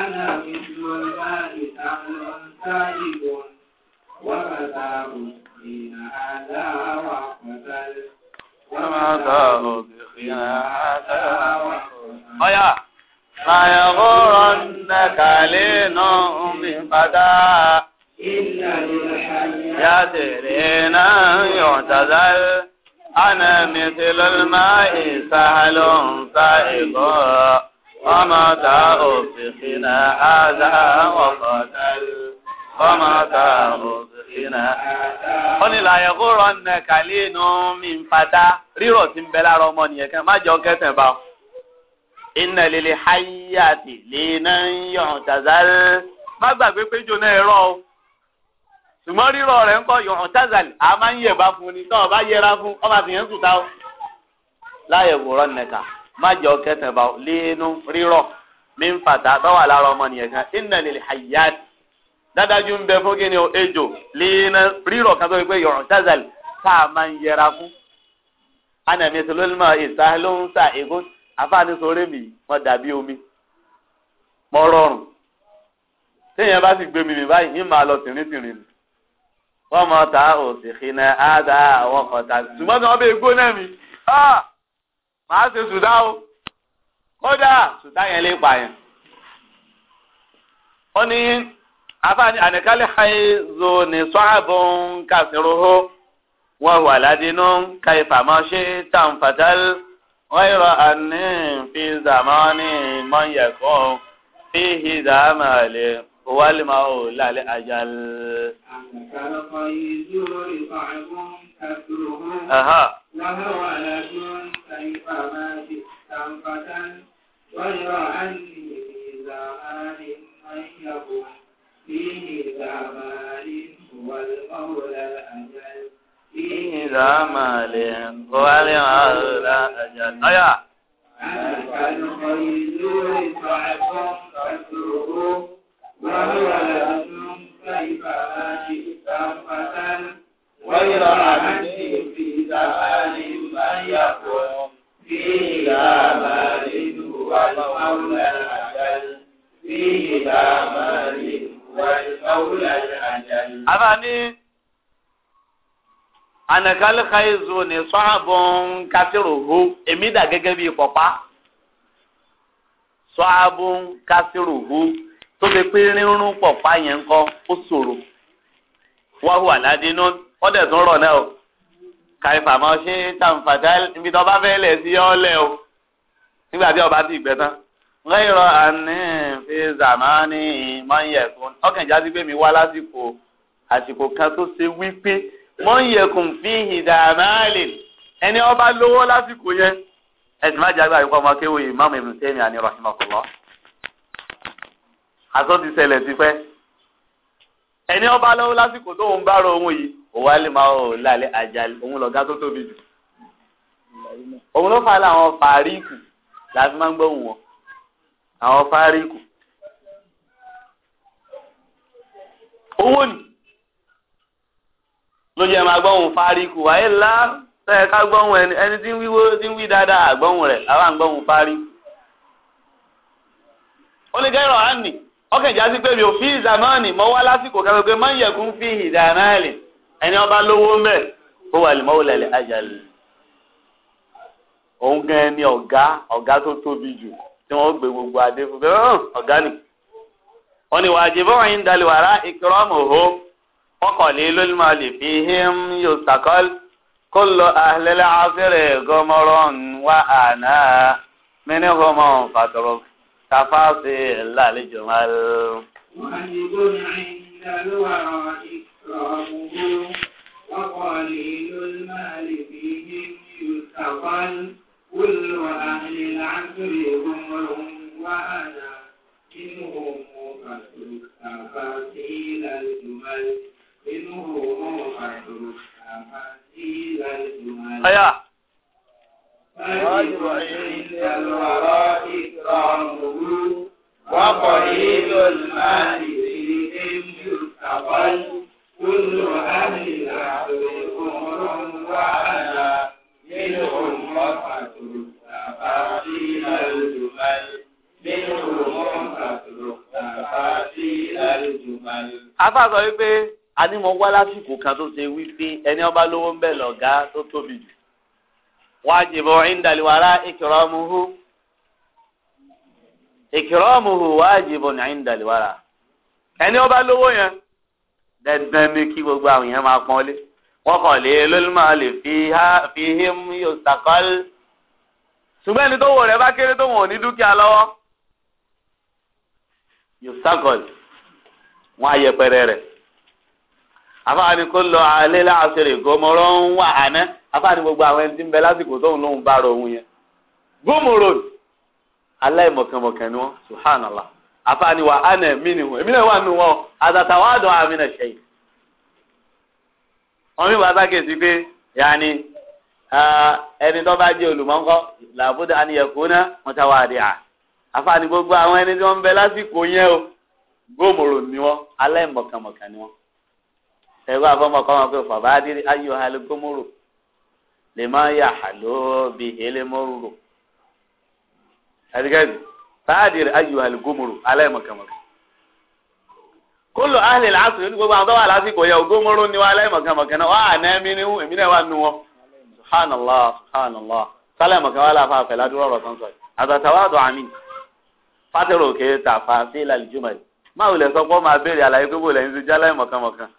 ana mìsìlọ́lùmọ̀ ìsáhálò ń sa وما رزقنا بخنا هذا وقتل وما على رحمة لنوم بدا إلا الحياة ترينا يعتزل أنا مثل الماء سهل سائغ ومتى أفخنا هذا وقتل وما أفخنا ìnà. ó ní làyẹ̀ kó rọ nà kàlí inú mi ń fata rírọ̀ tí ń bẹ lára ọmọ nìyẹn kan má jọ kẹsàn bá wọn. iná líle háyàtì lẹ́nà yọ̀hún tàzálẹ̀. má gbàgbé pé jóná ẹ̀rọ o. ṣùgbọ́n rírọ̀ rẹ̀ ń kọ́ yọ̀hún tàzálẹ̀ a máa ń yẹ̀bá fún ni tọ́ ọ yẹra fún ọ bá fi yẹn o. láyẹ̀ kó rọ nà kà má jọ kẹsàn bá lẹ́nu rírọ̀ mi ń fata tọ́wà lára ọmọ nìyẹn kan iná líle háyàtì dádájú ń bẹ fún kí ni o ejò lẹ́yìn rírọ̀ kan tó yẹ pé yọ̀rọ̀ tẹ́sẹ̀lì tá a máa ń yẹra fún. anàmì ìsìlélùmọ̀ ìsá ló ń sa ègún àfáàní sọ̀rọ̀ mi mo dàbí omi mo rọrùn. téèyàn bá sì gbé mi mi báyìí ń máa lọ tìrìntìrìn ni. wọ́n mọ ta òsì xinà áda àwọn kan ta. ṣùgbọ́n tí wọ́n bẹ gbóná mi màá ṣe sùdá o kódà sùdá yẹn lè pààyàn. ó ní afaani anikali hayi zo ni sɔcabun kasiruhu wa waladinu kaifamasi tanfatal wayira ani fi zamani manyakun fihi zamali walima o lali ajal. anikali hayi zo ni sɔcabun kasiruhu فيه ذا مال هو المولى الأجل فيه ذا مال هو المولى الأجل آية. وهو لبن كيف ما فتن غير عبد في زمان من يكون فيه لا مال هو المولى الأجل فيه لا مال Àbá ní ànàkálí kaizu ní sọ́àbùn kásìròhó èmi dà gẹ́gẹ́ bíi pọ̀pá. Sọ́àbùn kásìròhó tó fi pé rírun pọ̀pá yẹn kọ́ ó ṣòro. Wọ́n hùwà ládínú wọ́n o. Kàìfà máa ṣe tàǹfàtà ibi tó bá fẹ́ lẹ̀ sí ọ́ lẹ̀ o. Nígbà tí ti gbẹ tán ńlẹ́yìnrọ̀ àní fi zàmánì mọ́nyẹ̀kùn ọkàn jáde pé mi wá lásìkò àsìkò kan tó ṣe wípé mọ́nyẹ̀kùn fi hìdàmálì ẹni ọba lówó lásìkò yẹn ẹ̀sìn má jágbá yìí kọ́ ọmọ kéwì ìmáàmù Ibn Taymiyyah ní rahimahullah àtúntì ṣẹlẹ̀ ti pẹ́ ẹni ọba lówó lásìkò tó ń bára òun yìí òwò alẹ́ máa ò lálẹ́ àjálẹ̀ òun lọ̀gá tó tóbi jù òun ló fà láwọn fàáríkù láti máa ń gbóhùn wọn àwọn fáríkù owó ni ló jẹ́ máa gbọ́hùn fáríkù wáyé ńlá sẹ́yẹ ká gbọ́hùn ẹni ẹni tí ń wíwó tí ń wí dáadáa àgbọ́hùn rẹ̀ àwa ń gbọ́hùn fáríkù. ó lè gẹ́rọ̀ á nì ọkàn ìjà sí pé mi ò fi ìzàmánì mọ́ wá lásìkò kan pé má ń yẹ kún fi ìdánáàlì ẹni ọba lówó mẹ́ ó wà lìmọ́ òlẹ̀lẹ̀ àjàlè òun gan ni ọ̀gá ọ̀gá tó tóbi jù tí wọ́n gbé gbogbo adé fún pé ọ̀gá ni. wọ́n ní wàá jìbọn wọ̀nyí ń dalẹ̀ wàrà ìkírọ́mù hó ọkọ̀lélólùmọ̀ lè fi hím yóò sàkọ́lù kó lọ àhlẹ́lẹ́ àfẹ́rẹ́ gọmọrọ́ wà àná mẹ́ni gọmọ fàtọ́rọ́ káfáàsì lálejò máa lọ. wọ́n ní gómìnà ń dalẹ̀ wàrà ìkírọ́mù hó ọkọ̀lélólùmọ̀ lè fi hím yóò sàkọ́lù. قل وأهل العصر هم هم وأنا منهم فاترك تفاصيل الجمل منهم فاترك تفاصيل الجمل فجر عند الوراء إكرامه وقليل المال فيهم يستقل كل أهل العصر أمر وأنا منهم وفاترك afáàsọ wípé a ní mo wá lásìkò kan tó ṣe wípé ẹni ọba lówó ń bẹ lọ̀gá tó tóbi jù wájibọ ìndàlíwàrá ìkìrọmùhù ní ọba lówó yẹn dandan ni kí gbogbo àwọn yẹn máa pọ́n lé wọ́n kàn lé fi hí yóò ṣùgbọ́n ẹni tó wò rẹ̀ bá kéré tó wọn ní dúkìá lọ́wọ́ yosakol wọn ayẹpẹrẹ rẹ̀ afáàní kò lọ alẹ́ láàṣẹrẹ gọmọrọ ń wà àná afáàní gbogbo ni wọn afáàní wà ánà mí ni wọn èmi náà wà ẹni tó bá jẹ́ olùmọ́ńkọ́ làbúdà àníyẹ̀kúnná mọ́tàwádìá àfààní gbogbo àwọn ẹni tí wọ́n ń bẹ lásìkò yẹn o gómòrò ni wọ́n aláìmọ̀kànmọ̀kàn ni wọ́n. ẹ̀rọ àfọmọkọ́ wọn pé fàbádìrí ayò halẹ̀ gómòrò lè máa yà hàló bíi elémòrò. àdìgẹ́dì fàbádìrí ayò halẹ̀ gómòrò aláìmọ̀kànmọ̀kàn. kólò áhìlẹ̀ làásù ní gbogbo àwọn tó wà lásìkò yẹn o gómòrò ni wọ́n aláìmọ̀kànmọ̀kàn náà wọ́n à subhanallah subhanallah sálẹ̀ mọ̀kẹ́ wà láfa àfẹ́ ládùúrà ọ̀rọ̀ kan sọ yìí àtàtàwádọ̀ àmì fátẹ́rò òkè tàfà sí ìlàlì jùmọ̀ yìí máa wulẹ̀ sọ pé ó máa béèrè àlàyé pé bò lẹ́yìn ti jálẹ̀ mọ̀kànmọ̀kàn.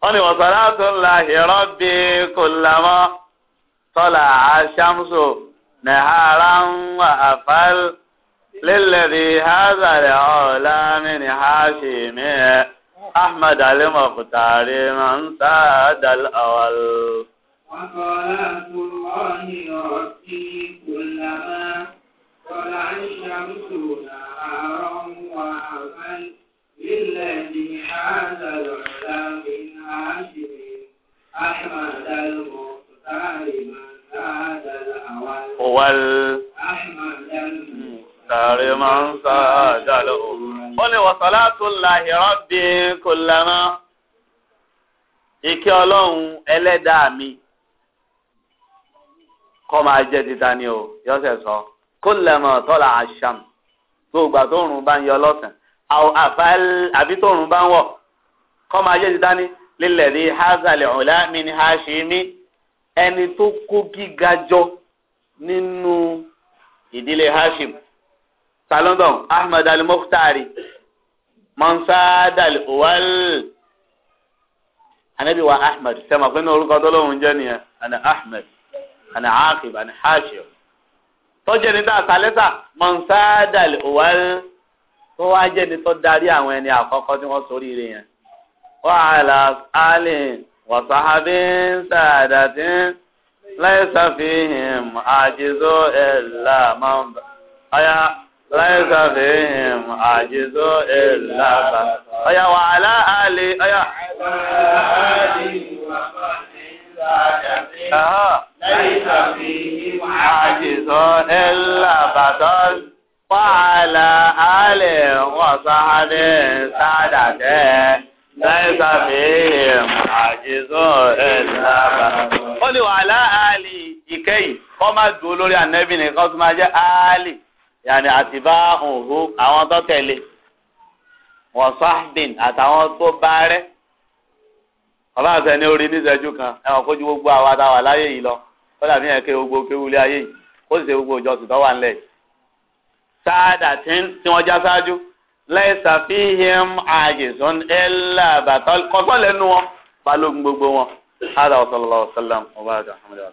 wọ́n ní wọ̀sánà tó ń la ìrọ́ bí kò lámọ́ tọ́lá aṣámsò nàhárà ń wà àfáàlì lélẹ̀ bí házàrẹ̀ ọ̀ọ́lá mi ní háṣì mi ẹ̀. أحمد المختار من ساد الأول وقالات الله ربي كلما طلع الشمس نهارا وعبا للذي حاز العلا من عاشر أحمد المختار من ساد الأول أحمد المختار sáré máa ń sá àjálò. ó ní wàsálà tó láhì rọ́bì kò lẹ́nà. ìkẹ́ ọlọ́run ẹlẹ́dàá mi kọ́ máa jẹ́ títa ni o yọ́sẹ̀ sọ kó lẹ́mọ̀ tọ́lá àṣàm gbogbo àtọ́run bá ń yọ lọ́sàn àbí tọ́run bá ń wọ̀ kọ́ máa jẹ́ títa ni lílẹ̀ rí hazal ọ̀la mi ni ha ṣe mí ẹni tó kó gíga jọ nínú ìdílé Hashim talondon ahmed al-mukhtari mọnsáàdàl wàl anabi wa ahmed sẹmọ pé ní orúkọ tọlọhún jẹ nìyẹn ani ahmed ani akib ani hashim tọjẹ ní tàà sálẹsà mọnsáàdàl wàl tó wá jẹ ní tó darí àwọn ẹni àkọ́kọ́ tí wọn sórí rẹ̀ yẹn wàhálà alin wasahabin sadatin laisa fihim ajizo illa man láìka fihim àjẹsọ ẹlẹba ọyà wàhálà àlè ọyà. láìka fihim àjẹsọ ẹlẹba tọ́sí. وعلى آله وصحبه سعدته ليس فيهم عاجز إلا بس. قل وعلى آله ìkẹyìn kọ́ máa dùn olórí ànẹ́bí nìkan tó máa jẹ́ áálì yàní àtibá òhù àwọn tó tẹ̀lé wọ́n sáàbìn àtàwọn tó bá rẹ́ ọba àṣẹ ní orí níṣẹ́jú kan ẹ̀wọ̀n kójú gbogbo àwa tá a wà láyé yìí lọ ó dàbí yẹn ké gbogbo kéwulé ayé yìí ó sì ṣe gbogbo ìjọsìn tó wà nílẹ̀ sáàdà tí wọ́n já sáájú lẹ́yìn sàfihàn àjẹsán ẹ̀là bàtà kọ́tọ́ lẹ́nu wọn balógun gbogbo wọn. هذا وصلى الله وسلم وبارك على